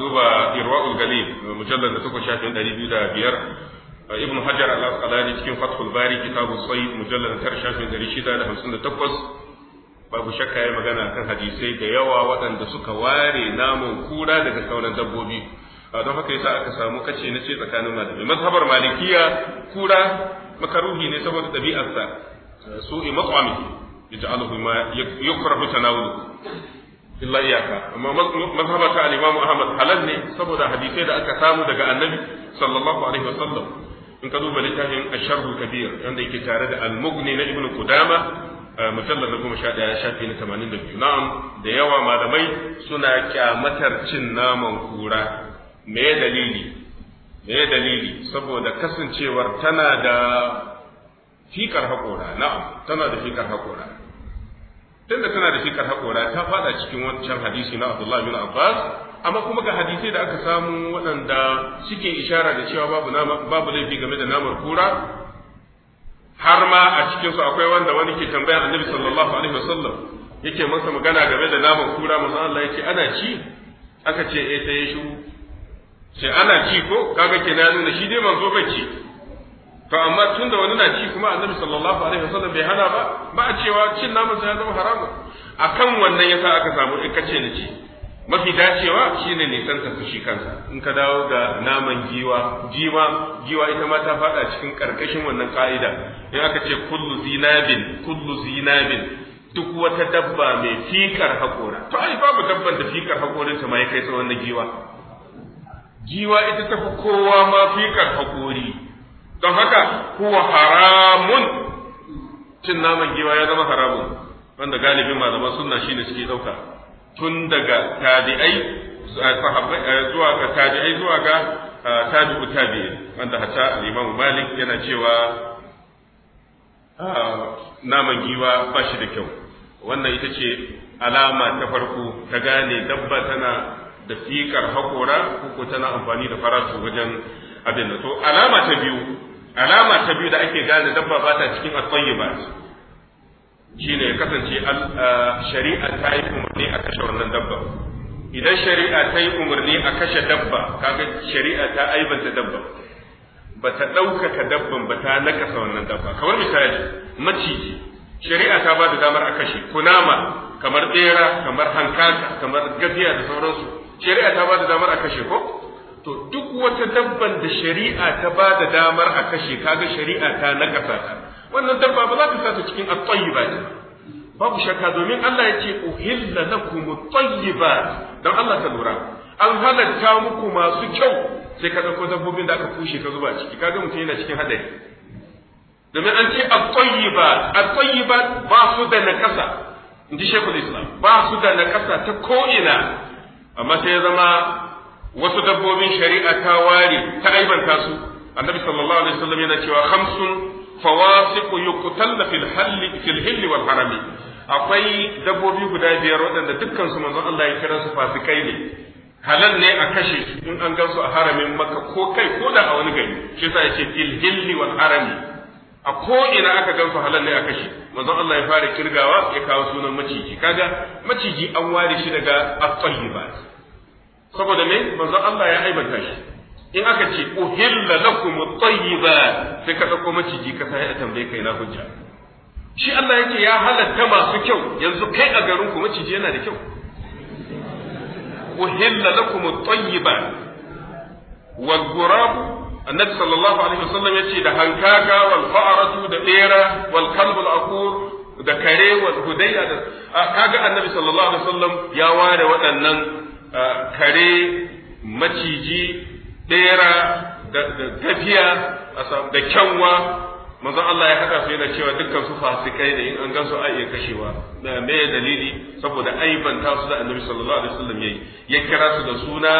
duba irwaul galib mujallad da suka shafin ɗari biyu da biyar. ibn hajar al-asqalani cikin fathul bari kitabus sayyid mujallal tar shafin ɗari shida da da hamsin takwas. babu shakka ya magana kan hadisai da yawa waɗanda suka ware namun kura daga sauran dabbobi don haka yasa aka samu kace na ce tsakanin malami mazhabar malikiya kura makaruhi ne saboda ɗabi'arsa su'i matsami yaj'aluhu ma yukrahu tanawulu illa iyaka amma mazhabar ta al Ahmad halal ne saboda hadisai da aka samu daga Annabi sallallahu alaihi wasallam in ka duba littafin Asharhu Kabir wanda yake tare da Al-Mughni na Ibnu Qudama mujallar da goma sha ɗaya shafi na tamanin da biyu na'am da yawa malamai suna kyamatar cin naman kura me dalili me dalili saboda kasancewar tana da fikar haƙora na'am tana da fikar haƙora tunda tana da fikar haƙora ta fada cikin wancan hadisi na Abdullah bin Abbas amma kuma ga hadisai da aka samu waɗanda suke ishara da cewa babu babu laifi game da namar kura har ma a cikin su akwai wanda wani ke tambayar Annabi sallallahu alaihi wasallam yake masa magana game da naman kura manzo Allah yake ana ci aka ce eh sai ya sai ana ci ko kaga kenan nuna shi dai manzo bai ci to amma tun da wani na ci kuma annabi sallallahu alaihi wasallam bai hana ba ba a cewa cin naman sai ya zama haramun akan wannan yasa aka samu in kace na ci mafi dacewa shine ne san fushi kansa in ka dawo ga naman jiwa giwa jiwa ita ma ta fada cikin karkashin wannan ka'ida in aka ce kullu zinabin kullu zinabin duk wata dabba mai fikar hakora to ai babu dabban da fikar hakorinta ma ya kai tsawon na giwa giwa ita ta fi kowa ma fiƙar haƙori don haka kuwa haramun cin naman giwa ya zama haramun wanda galibin malaman shi ne suke ɗauka tun daga tabi'ai zuwa ga tabi'ai zuwa ga tabi'u tabi'in wanda hata Malik yana cewa naman giwa ba shi da kyau wannan ita ce alama ta farko ta gane dabba tana da fikar hakora ko tana amfani da faratu wajen abin da to alama ta biyu alama ta biyu da ake gane dabba ba ta cikin at ba, shi ne kasance shari'a ta yi umarni a kashe wannan dabba idan shari'a ta yi umarni a kashe dabba kaga shari'a ta aibanta dabba ba ta ɗaukaka dabban ba ta nakasa wannan dabba kamar misali maciji shari'a ta ba da damar a kashe kunama kamar ɗera, kamar hankaka kamar gajiya da sauransu shari'a ta ba da damar a kashe ko to duk wata dabban da shari'a ta ba da damar a kashe kaga shari'a ta nakasa ta wannan dabba ba za ta sa ta cikin at-tayyibat babu shakka domin Allah ya ce uhilla lakum at-tayyibat dan Allah ta lura an halatta muku masu kyau sai ka dauko dabbobin da aka kushe ka zuba ciki kaga mutum yana cikin hadari domin an ce at-tayyibat at-tayyibat ba su da nakasa in ji Islam ba su da nakasa ta ko ina amma sai ya zama wasu dabbobin shari'a ta ware ta aibanta su annabi sallallahu alaihi wasallam yana cewa khamsun fawasiqu yuqtal fil halli fil hilli wal akwai dabbobi guda biyar waɗanda dukkan su manzon Allah ya kira su fasikai ne halal ne a kashe su in an gan su a haramin maka ko kai ko da a wani gari shi yasa yace fil hilli wal harami a ko ina aka gansu halal ne a kashe manzon Allah ya fara kirgawa ya kawo sunan maciji kaga maciji an ware shi daga at-tayyibat saboda me manzon Allah ya aibanta shi in aka ce uhilla lakum at-tayyibat sai ka dauko maciji ka sai a tambaye kai na hujja shi Allah yake ya halatta masu kyau yanzu kai a garin ku maciji yana da kyau uhilla lakum at wal annabi sallallahu alaihi wasallam yace da hankaka wal da bera wal kalbul da kare wal hudayya da kaga annabi sallallahu alaihi wasallam ya ware waɗannan kare maciji bera da tafiya da kyanwa Maza Allah ya haɗa su yana cewa dukkan su fasikai da in an gan su a kashewa da me dalili saboda aibanta su da annabi sallallahu alaihi wasallam yayi ya kira su da suna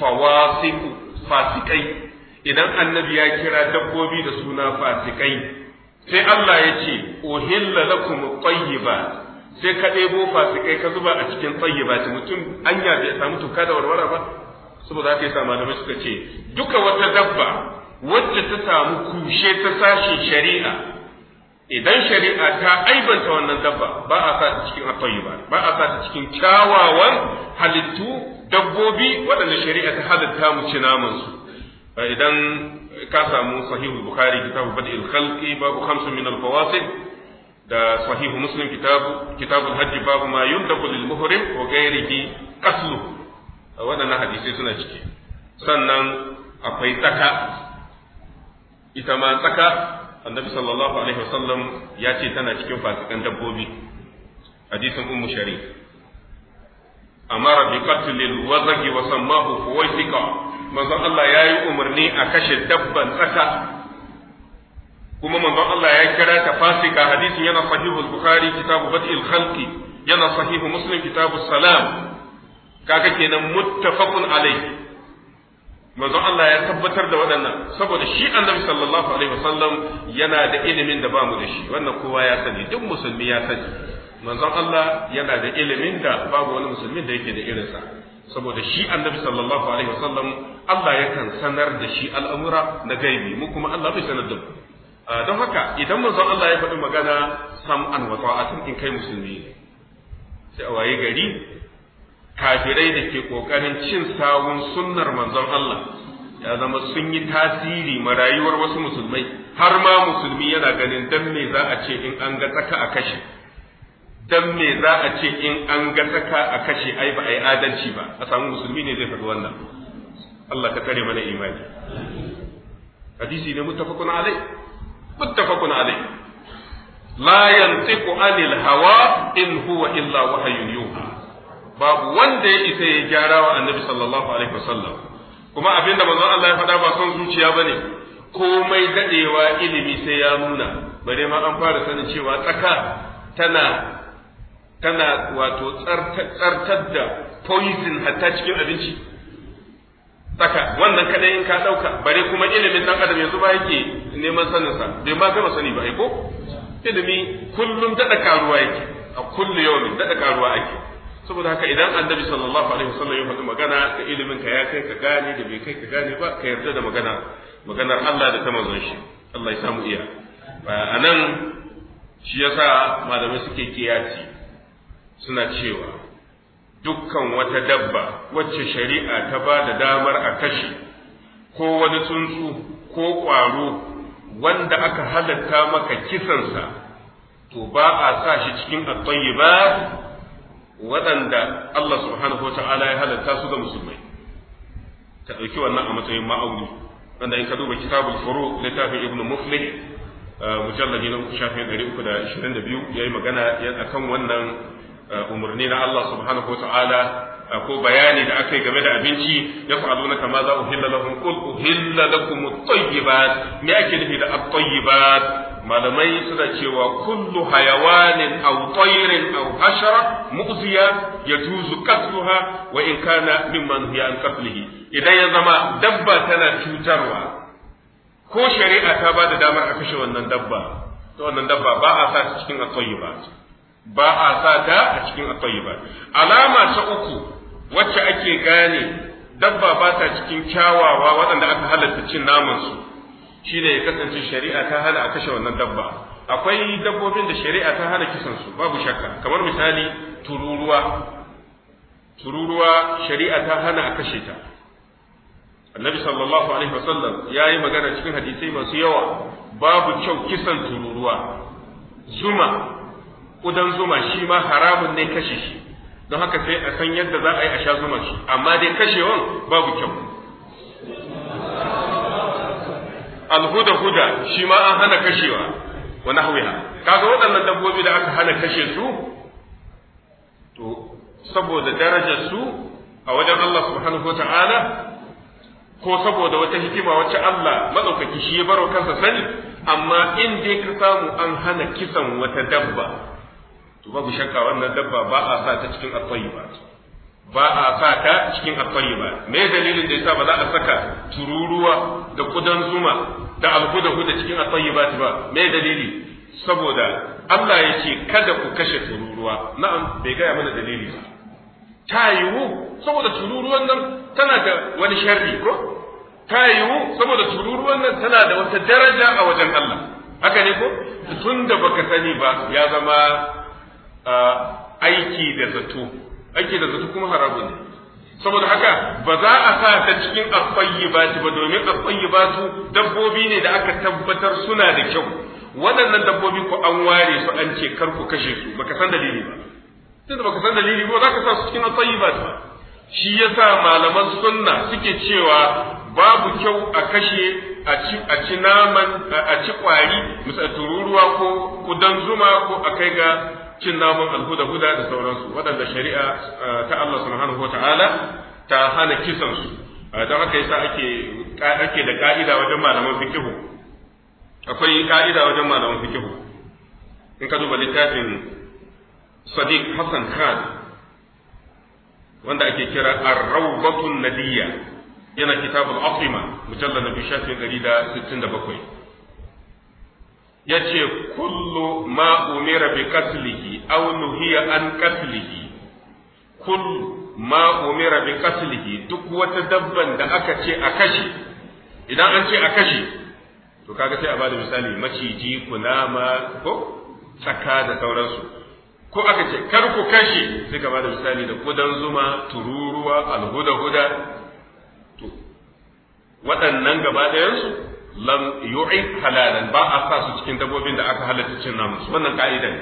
fawasiku fasikai idan annabi ya kira dabbobi da suna fasikai sai Allah ya ce uhilla lakum tayyiba sai ka ɗebo fasikai ka zuba a cikin ce, mutum anya bai samu tuka da warwara ba saboda haka sa malamai suka ce duka wata dabba wacce ta samu kushe ta sashi shari'a idan shari'a ta aibanta wannan dabba ba a sa ta cikin tayyibat ba a sa ta cikin kyawawan halittu dabbobi waɗanda shari'a ta halitta mu ci namansu Eh, idan ka samu sahihu bukhari kitabu bad'il khalqi babu khamsun min al-fawasid da sahihu muslim kitabu kitabu al hajj babu ma yundaku lil muhrim wa ghairihi qaslu eh, waɗannan hadisai suna cike. sannan akwai tsaka ita ma tsaka annabi sallallahu alaihi wasallam ya ce tana cikin fasikan dabbobi hadisin ummu shari'a. amara bi qatl al wazaki wa sammahu fuwaisika manzon Allah ya yi umarni a kashe dabban tsaka kuma manzon Allah ya kira ta fasika hadisin yana sahihul bukhari kitabu bad'il khalqi yana sahihu muslim kitabu salam kaga kenan muttafaqun alayhi manzon Allah ya tabbatar da waɗannan saboda shi annabi sallallahu alaihi wasallam yana da ilimin da ba mu da shi wannan kowa ya sani duk musulmi ya sani manzon Allah yana da ilimin da babu wani musulmin da yake da irinsa saboda shi annabi sallallahu alaihi wasallam Allah yakan sanar da shi al'amura na gaibi mu kuma Allah bai sanar da mu ah, don haka idan manzon Allah ya faɗi magana sam'an a ta'atun in kai musulmi ne sai a waye gari kafirai da ke ƙoƙarin cin sawun sunnar manzon Allah ya zama sun yi tasiri ma rayuwar wasu musulmai har ma musulmi yana ganin dan me za a ce in an ga tsaka a kashe dan me za a ce in an ga tsaka a kashe ai ba yi adalci ba a samu musulmi ne zai faɗi wannan Allah ka kare mana imani hadisi ne muttafaqun alai muttafaqun alai la yantiqu anil hawa in huwa illa wahyun yuha babu wanda ya isa ya gyara wa annabi sallallahu alaihi wasallam kuma abinda manzon Allah ya faɗa ba son zuciya bane komai dadewa ilimi sai ya nuna bare ma an fara sanin cewa tsaka tana tana wato tsartar da poison hatta cikin abinci saka wannan kadai in ka dauka bare kuma ilimin dan adam yanzu ba yake neman sanin sa bai ma gama sani ba aiko ilimi kullum dada karuwa yake a kullu da dada karuwa ake saboda haka idan annabi sallallahu alaihi wasallam ya faɗi magana da ilimin ka ya kai ka gane da bai kai ka gane ba ka yarda da magana maganar Allah da ta manzon shi Allah ya samu iya a nan shi yasa malamai suke kiyaci suna cewa dukkan wata dabba wacce shari'a ta ba da damar a kashe ko wani tsuntsu ko ƙwaro wanda aka halatta maka kisansa to ba a sa shi cikin attayi ba waɗanda Allah subhanahu wa ta'ala ya halatta su ga musulmai ka ɗauki wannan a matsayin ma'auni wanda in ka duba kitabul furu littafin ibnu muflih uh, mujalladi na uku shafin ya yi magana akan wannan Uh, umarni na Allah subhanahu wataala uh, ko bayani da aka yi game da abinci ya fa'aluna kama za uhilla lahum qul uhilla lakum at-tayyibat me ake nufi da at malamai suna cewa kullu hayawanin aw tayrin au hashara mu'ziya tuzu, qatluha wa in kana mimman hiya an qatlihi idan ya zama dabba tana cutarwa ko shari'a ta ba da damar a kashe wannan dabba to wannan dabba ba a sa cikin at ba a sa ta a cikin akwai ba. alama ta uku wacce ake gane dabba ba ta cikin kyawawa waɗanda aka halatta cin naman su shine ya kasance shari'a ta hana a kashe wannan dabba akwai dabbobin da shari'a ta hana kisan su babu shakka kamar misali tururuwa tururuwa shari'a ta hana a kashe ta annabi sallallahu alaihi wasallam ya yi magana cikin hadisai masu yawa babu kyau kisan tururuwa zuma Kudan zuma shi ma haramun ne kashe shi don haka sai a san yadda za a yi a sha zuma shi amma dai kashewan babu kyau alhuda huda shi ma an hana kashewa wa nahwiha kaga waɗannan dabbobi da aka hana kashe su to saboda darajar su a wajen Allah subhanahu wa ko saboda wata hikima wacce Allah madaukaki shi ya baro kansa sani amma in dai ka samu an hana kisan wata dabba to babu shakka wannan dabba ba a sa ta cikin at-tayyibat ba a sa ta cikin at-tayyibat me dalilin da yasa ba za a saka tururuwa da kudan zuma da alhuda-huda cikin at-tayyibat ba me dalili saboda Allah ya ce kada ku kashe tururuwa na'am bai gaya mana dalili ba ta yiwu saboda tururuwan nan tana da wani sharri ko ta yiwu saboda tururuwan nan tana da wata daraja a wajen Allah haka ne ko tun da baka sani ba ya zama aiki da zato aiki da zato kuma haramun ne saboda haka ba za a sa ta cikin at ba ba domin ba su dabbobi ne da aka tabbatar suna da kyau waɗannan dabbobi ko an ware su an ce kar ku kashe su baka san dalili ba da baka san dalili ba za ka sa su cikin at ba shi yasa malaman sunna suke cewa babu kyau a kashe a ci naman a ci kwari misal tururuwa ko kudan zuma ko a kai ga cin namun alhuda huda da sauransu waɗanda shari'a eh, ta Allah subhanahu wata'ala ta hana kisan su eh, don haka yasa ake ake da ka'ida wajen malaman fikihu akwai ka'ida wajen malaman fikihu in ka duba littafin Sadiq Hassan Khan wanda ake kira Ar-Rawdatun Nadiyya yana kitabul Aqima mujallad na 167 yace kullu ma umira bi qatlihi aw nuhiya an qatlihi kullu ma umira bi qatlihi duk wata dabban da aka ce a kashe idan an ce a kashe to kaga sai a bada misali maciji kunama ko tsaka da sauransu ko aka ce kar ku kashe sai ka bada misali da kudan zuma tururuwa alhuda-huda to waɗannan gaba ɗayansu lam yu'id halalan ba a sa su cikin dabbobin da aka halatta cin naman su wannan ka'ida ne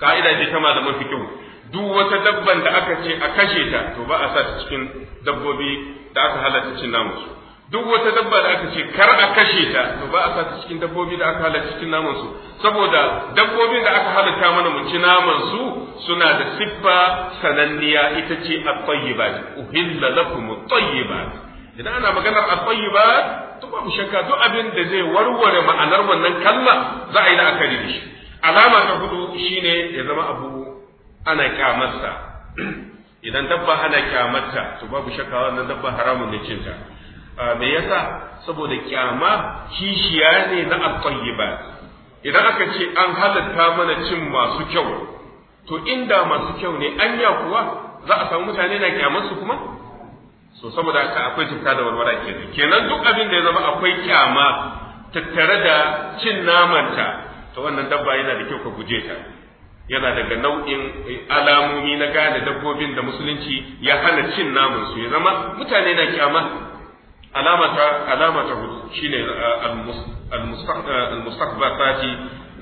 ka'ida ce ta malaman fikihu duk wata dabban da aka ce a kashe ta to ba a sa ta cikin dabbobi da aka halatta cin naman su duk wata dabba da aka ce kar a kashe ta to ba a sa ta cikin dabbobi da aka halatta cikin namun su saboda dabbobin da aka halatta mana mu ci naman su suna da siffa sananniya ita ce at-tayyibat uhilla lakum at-tayyibat idan ana maganar at-tayyibat to babu shakka duk abin da zai warware ma'anar wannan kalla za a yi la'akari da shi alama ta hudu shine ya zama abu ana kyamarsa idan dabba ana kyamarta to babu shakka wannan dabba haramun ne cinta ah, me yasa saboda kyama kishiya ne na al-tayyiba idan aka ce an halatta mana cin masu kyau to inda masu kyau ne anya kuwa za a samu mutane na kyamarsu kuma to saboda haka akwai cuta da warwara kenan kenan duk abin da ya zama akwai kyama tattare da cin namanta to wannan dabba yana da kyau ka guje ta yana daga nau'in eh, alamomi na gane dabbobin da musulunci ya hana cin naman su ya zama mutane na kyama alama ta alama ta hudu shine eh, al eh,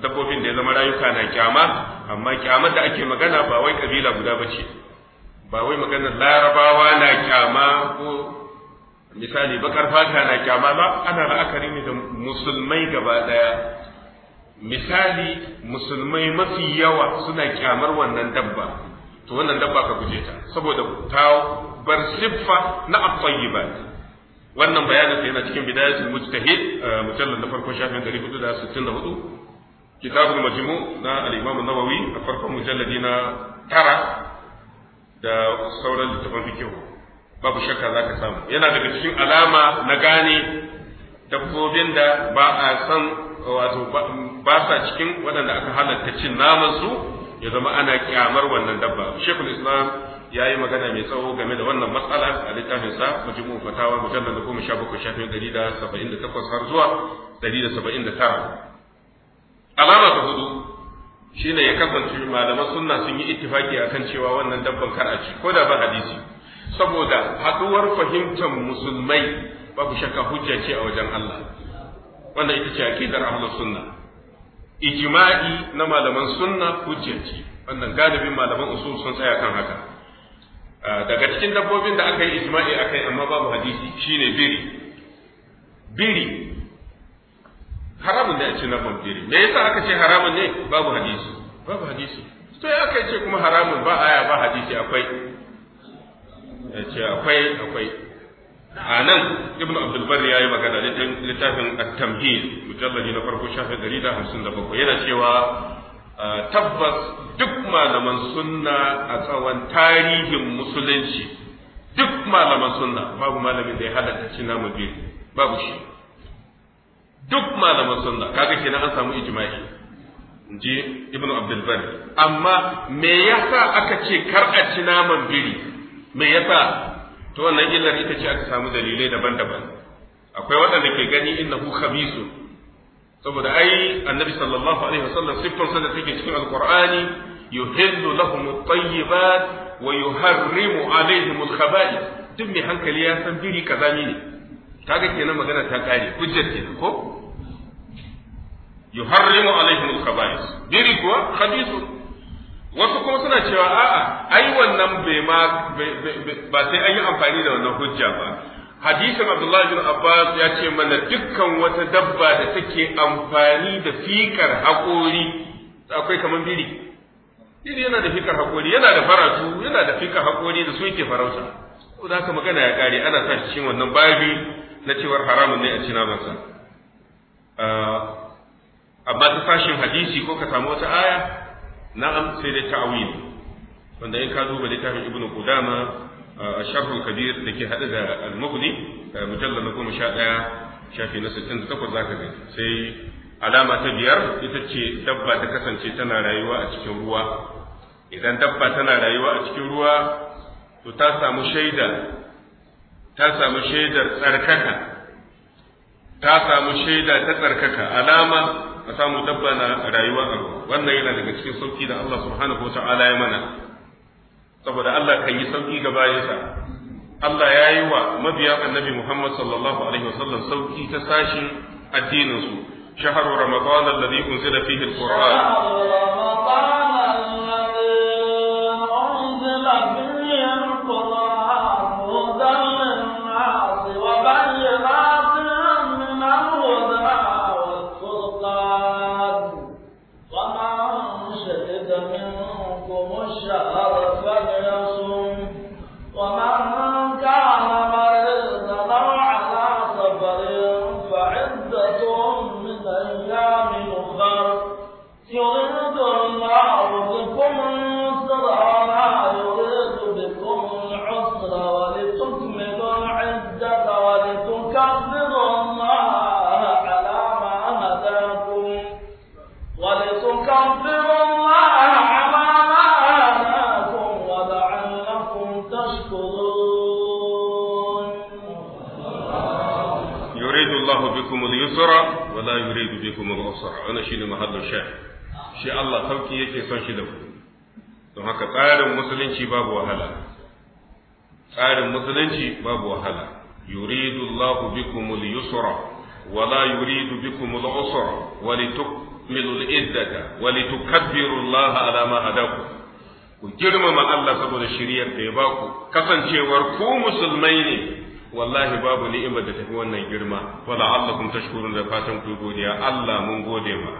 dabbobin da ya zama rayuka na kyama amma kyamar da ake magana ba wai kabila guda bace ba wai maganar larabawa na kyama ko misali bakar fata na kyama ba ana la'akari ne da musulmai gaba daya misali musulmai mafi yawa suna kyamar wannan dabba to wannan dabba ka guje ta saboda ta bar siffa na at-tayyibat wannan bayanin sai yana cikin bidayatul mujtahid eh, mujallal na farko shafin 464 kitabul majmu na al-imam an-nawawi a farkon mujalladi na tara da sauran littafan fikihu babu shakka za ka samu yana daga cikin alama na gane dabbobin da ba a san wato ba sa cikin waɗanda aka halatta cin naman su ya zama ana kyamar wannan dabba shekul islam ya yi magana mai tsawo game da wannan matsala a sa majmu'u fatawa mujallal 17 shafin 178 har zuwa 179 alama ta hudu ne ya kasance malaman sunna sun yi ittifaki kan cewa wannan dabban kar a ci ko da ba hadisi saboda haɗuwar fahimtar musulmai babu shakka hujja ce a wajen Allah wannan ita ce aqidar ahlus sunna ijma'i na malaman sunna hujja ce wannan galibin malaman usul sun tsaya kan haka daga cikin dabbobin da aka yi ijma'i akai amma babu hadisi shine biri biri haramun da ya ci naman biri me yasa aka ce haramun ne babu hadisi babu hadisi to ya aka ce kuma haramun ba aya ba hadisi akwai ya ce akwai akwai a nan ibnu abdul barri yayi magana littafin at-tamhid mujalladi na farko shafin bakwai yana cewa tabbas duk malaman sunna a tsawon tarihin musulunci duk malaman sunna babu malamin da ya halatta cin namu biri babu shi duk malaman sunna kaga kenan an samu ijma'i inji ibnu abdul bari amma me yasa aka ce kar a ci naman biri me yasa to wannan illar ita ce aka samu dalilai daban-daban akwai waɗanda ke gani innahu khabisu saboda ai annabi sallallahu alaihi wasallam siffar sa da take cikin alqur'ani yuhillu lahum at-tayyibat wa yuharrimu alaihim al-khaba'ith duk mai hankali ya san biri kazami ne kaga kenan magana ta kare hujjar kenan ko yuharrimu alaihim al-khaba'is biri kuwa hadithu wasu kuma suna cewa a'a ai wannan bai ma ba sai an yi amfani da wannan hujja ba hadisin abdullahi bin abbas ya ce mana dukkan wata dabba da take amfani da fikar haƙori akwai kaman biri biri yana da fikar haƙori yana da faratu yana da fikar haƙori da su yake farauta ko da haka magana ya kare ana sa cikin wannan babi na cewar haramun ne a ci namansa ah, amma ta sashin hadisi ko ka samu wata aya na'am sai dai ta'awil wanda in ka duba littafin ibnu qudama ah, sharhul kabir da ke hada da al-mughni eh, mujallal na goma sha ɗaya shafi na sittin da takwas zaka ga sai alama ta biyar ita ce dabba ta kasance tana rayuwa a cikin ruwa idan dabba tana rayuwa a cikin ruwa to ta samu shaida ta samu shaidar tsarkaka ta samu shaida ta tsarkaka alama a samu dabba na rayuwa a wannan yana daga cikin sauki da Allah subhanahu ya mana saboda Allah kan yi sauki ga bayansa Allah ya yi wa mabiya annabi Muhammad sallallahu alaihi wasallam sauki ta sashin addininsu shaharu ramadan alladhi unzila fihi alquran fassara wannan shine mahallin sha shi Allah sauki yake son shi da ku don haka tsarin musulunci babu wahala tsarin musulunci babu wahala yuridu Allahu bikum al-yusra wa la yuridu bikum al-usra wa litukmilu al-iddata wa litukabbiru Allah ala ma hadakum ku girmama Allah saboda shiriyar da ya baku kasancewar ku musulmai ne wallahi babu ni'imar da tafi wannan girma wala allakum tashkurun da fatan ku godiya Allah mun gode ma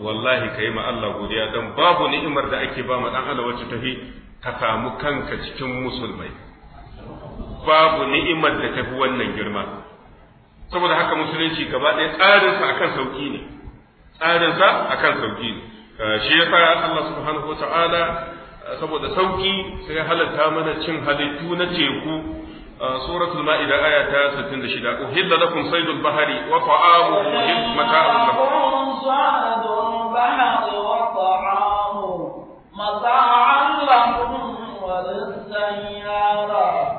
wallahi kai ma Allah godiya dan babu ni'imar da ake ba ma dan Allah wacce tafi ka samu kanka cikin musulmai babu ni'imar da tafi wannan girma saboda haka musulunci gaba ɗaya tsarinsa akan sauki ne tsarinsa akan sauki ne eh, shi yasa Allah subhanahu wa ta'ala saboda sauki sai halatta mana cin halittu na teku آه، سورة المائدة آية 66 أهد لكم صيد البحر وطعامه متاع لكم صيد البحر وطعامه متاع لكم وللسيارة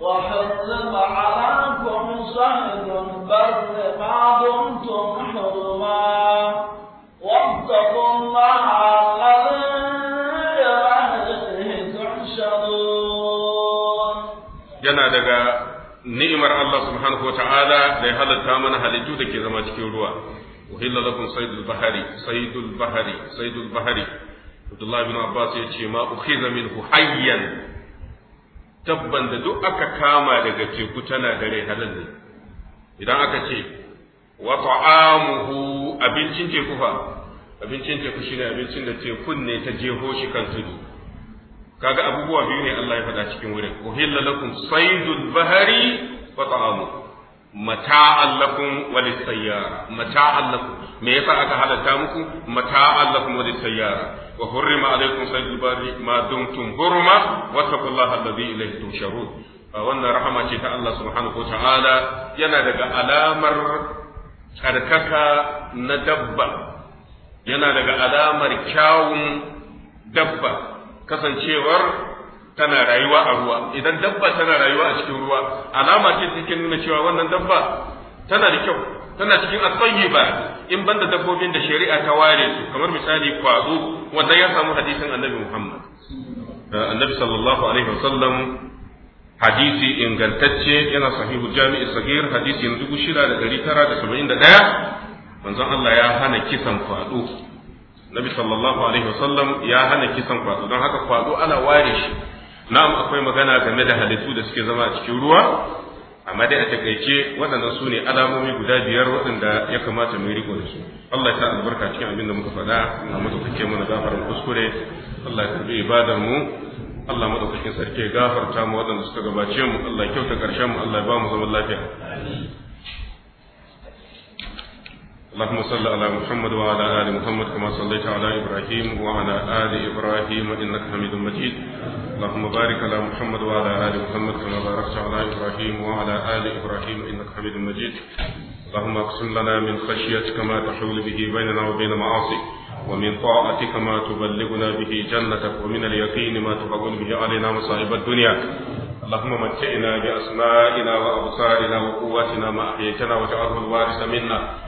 وحرم عليكم صيد البر ما دمتم حرما واتقوا الله yana daga ni'imar Allah subhanahu wa ta'ala da ya halatta mana halittu da ke zama cikin ruwa uhilla lakum saydul bahari saydul bahari saydul bahari Abdullah bin Abbas ya ce ma ukhiza minhu hayyan tabban da duk aka kama daga teku tana da rai halal ne idan aka ce wa ta'amuhu abincin teku fa abincin teku shine abincin da tekun ne ta jeho shi kan tudu kaga abubuwa biyu ne Allah ya faɗa cikin wurin uhilla lakum saydul bahari wa ta'amu mata'an lakum wa lisayyara mata'an lakum me yasa aka halatta muku mata'an lakum wa lisayyara wa hurrima alaykum saydul bahri ma dumtum hurma wattaqullaha alladhi ilayhi tusharun wannan rahama ce ta Allah subhanahu wa ta'ala yana daga alamar tsarkaka na dabba yana daga alamar kyawun dabba kasancewar tana rayuwa a ruwa idan dabba tana rayuwa a cikin ruwa alama ce take nuna cewa wannan dabba tana da kyau tana cikin at ba, in banda dabbobin da shari'a ta ware su kamar misali kwazo wanda ya samu hadisin Annabi Muhammad eh, Annabi sallallahu alaihi wasallam hadisi ingantacce yana sahihu jami'i sahih hadisin 6971 manzon Allah ya hana kisan kwazo nabi sallallahu alaihi wasallam ya hana kisan kwazo don haka kwazo ana ware shi na'am akwai magana game da halittu da suke zama a cikin ruwa amma dai a takaice waɗannan su ne alamomi guda biyar waɗanda ya kamata mu riko da su Allah ya sa albarka cikin abin da muka faɗa a madaukake mana gafarin kuskure Allah ya karbi ibadar mu Allah madaukakin sarki ya gafarta mu waɗanda suka gabace mu Allah ya kyauta ƙarshen mu Allah ya ba mu zaman lafiya اللهم صل على محمد وعلى آل محمد كما صليت على إبراهيم وعلى آل إبراهيم إنك حميد مجيد اللهم بارك على محمد وعلى آل محمد كما باركت على إبراهيم وعلى آل إبراهيم إنك حميد مجيد اللهم اقسم لنا من خشيتك ما تحول به بيننا وبين معاصيك ومن طاعتك ما تبلغنا به جنتك ومن اليقين ما تبغون به علينا مصائب الدنيا اللهم متعنا بأسمائنا وأبصارنا وقواتنا ما أحييتنا وجعله الوارث منا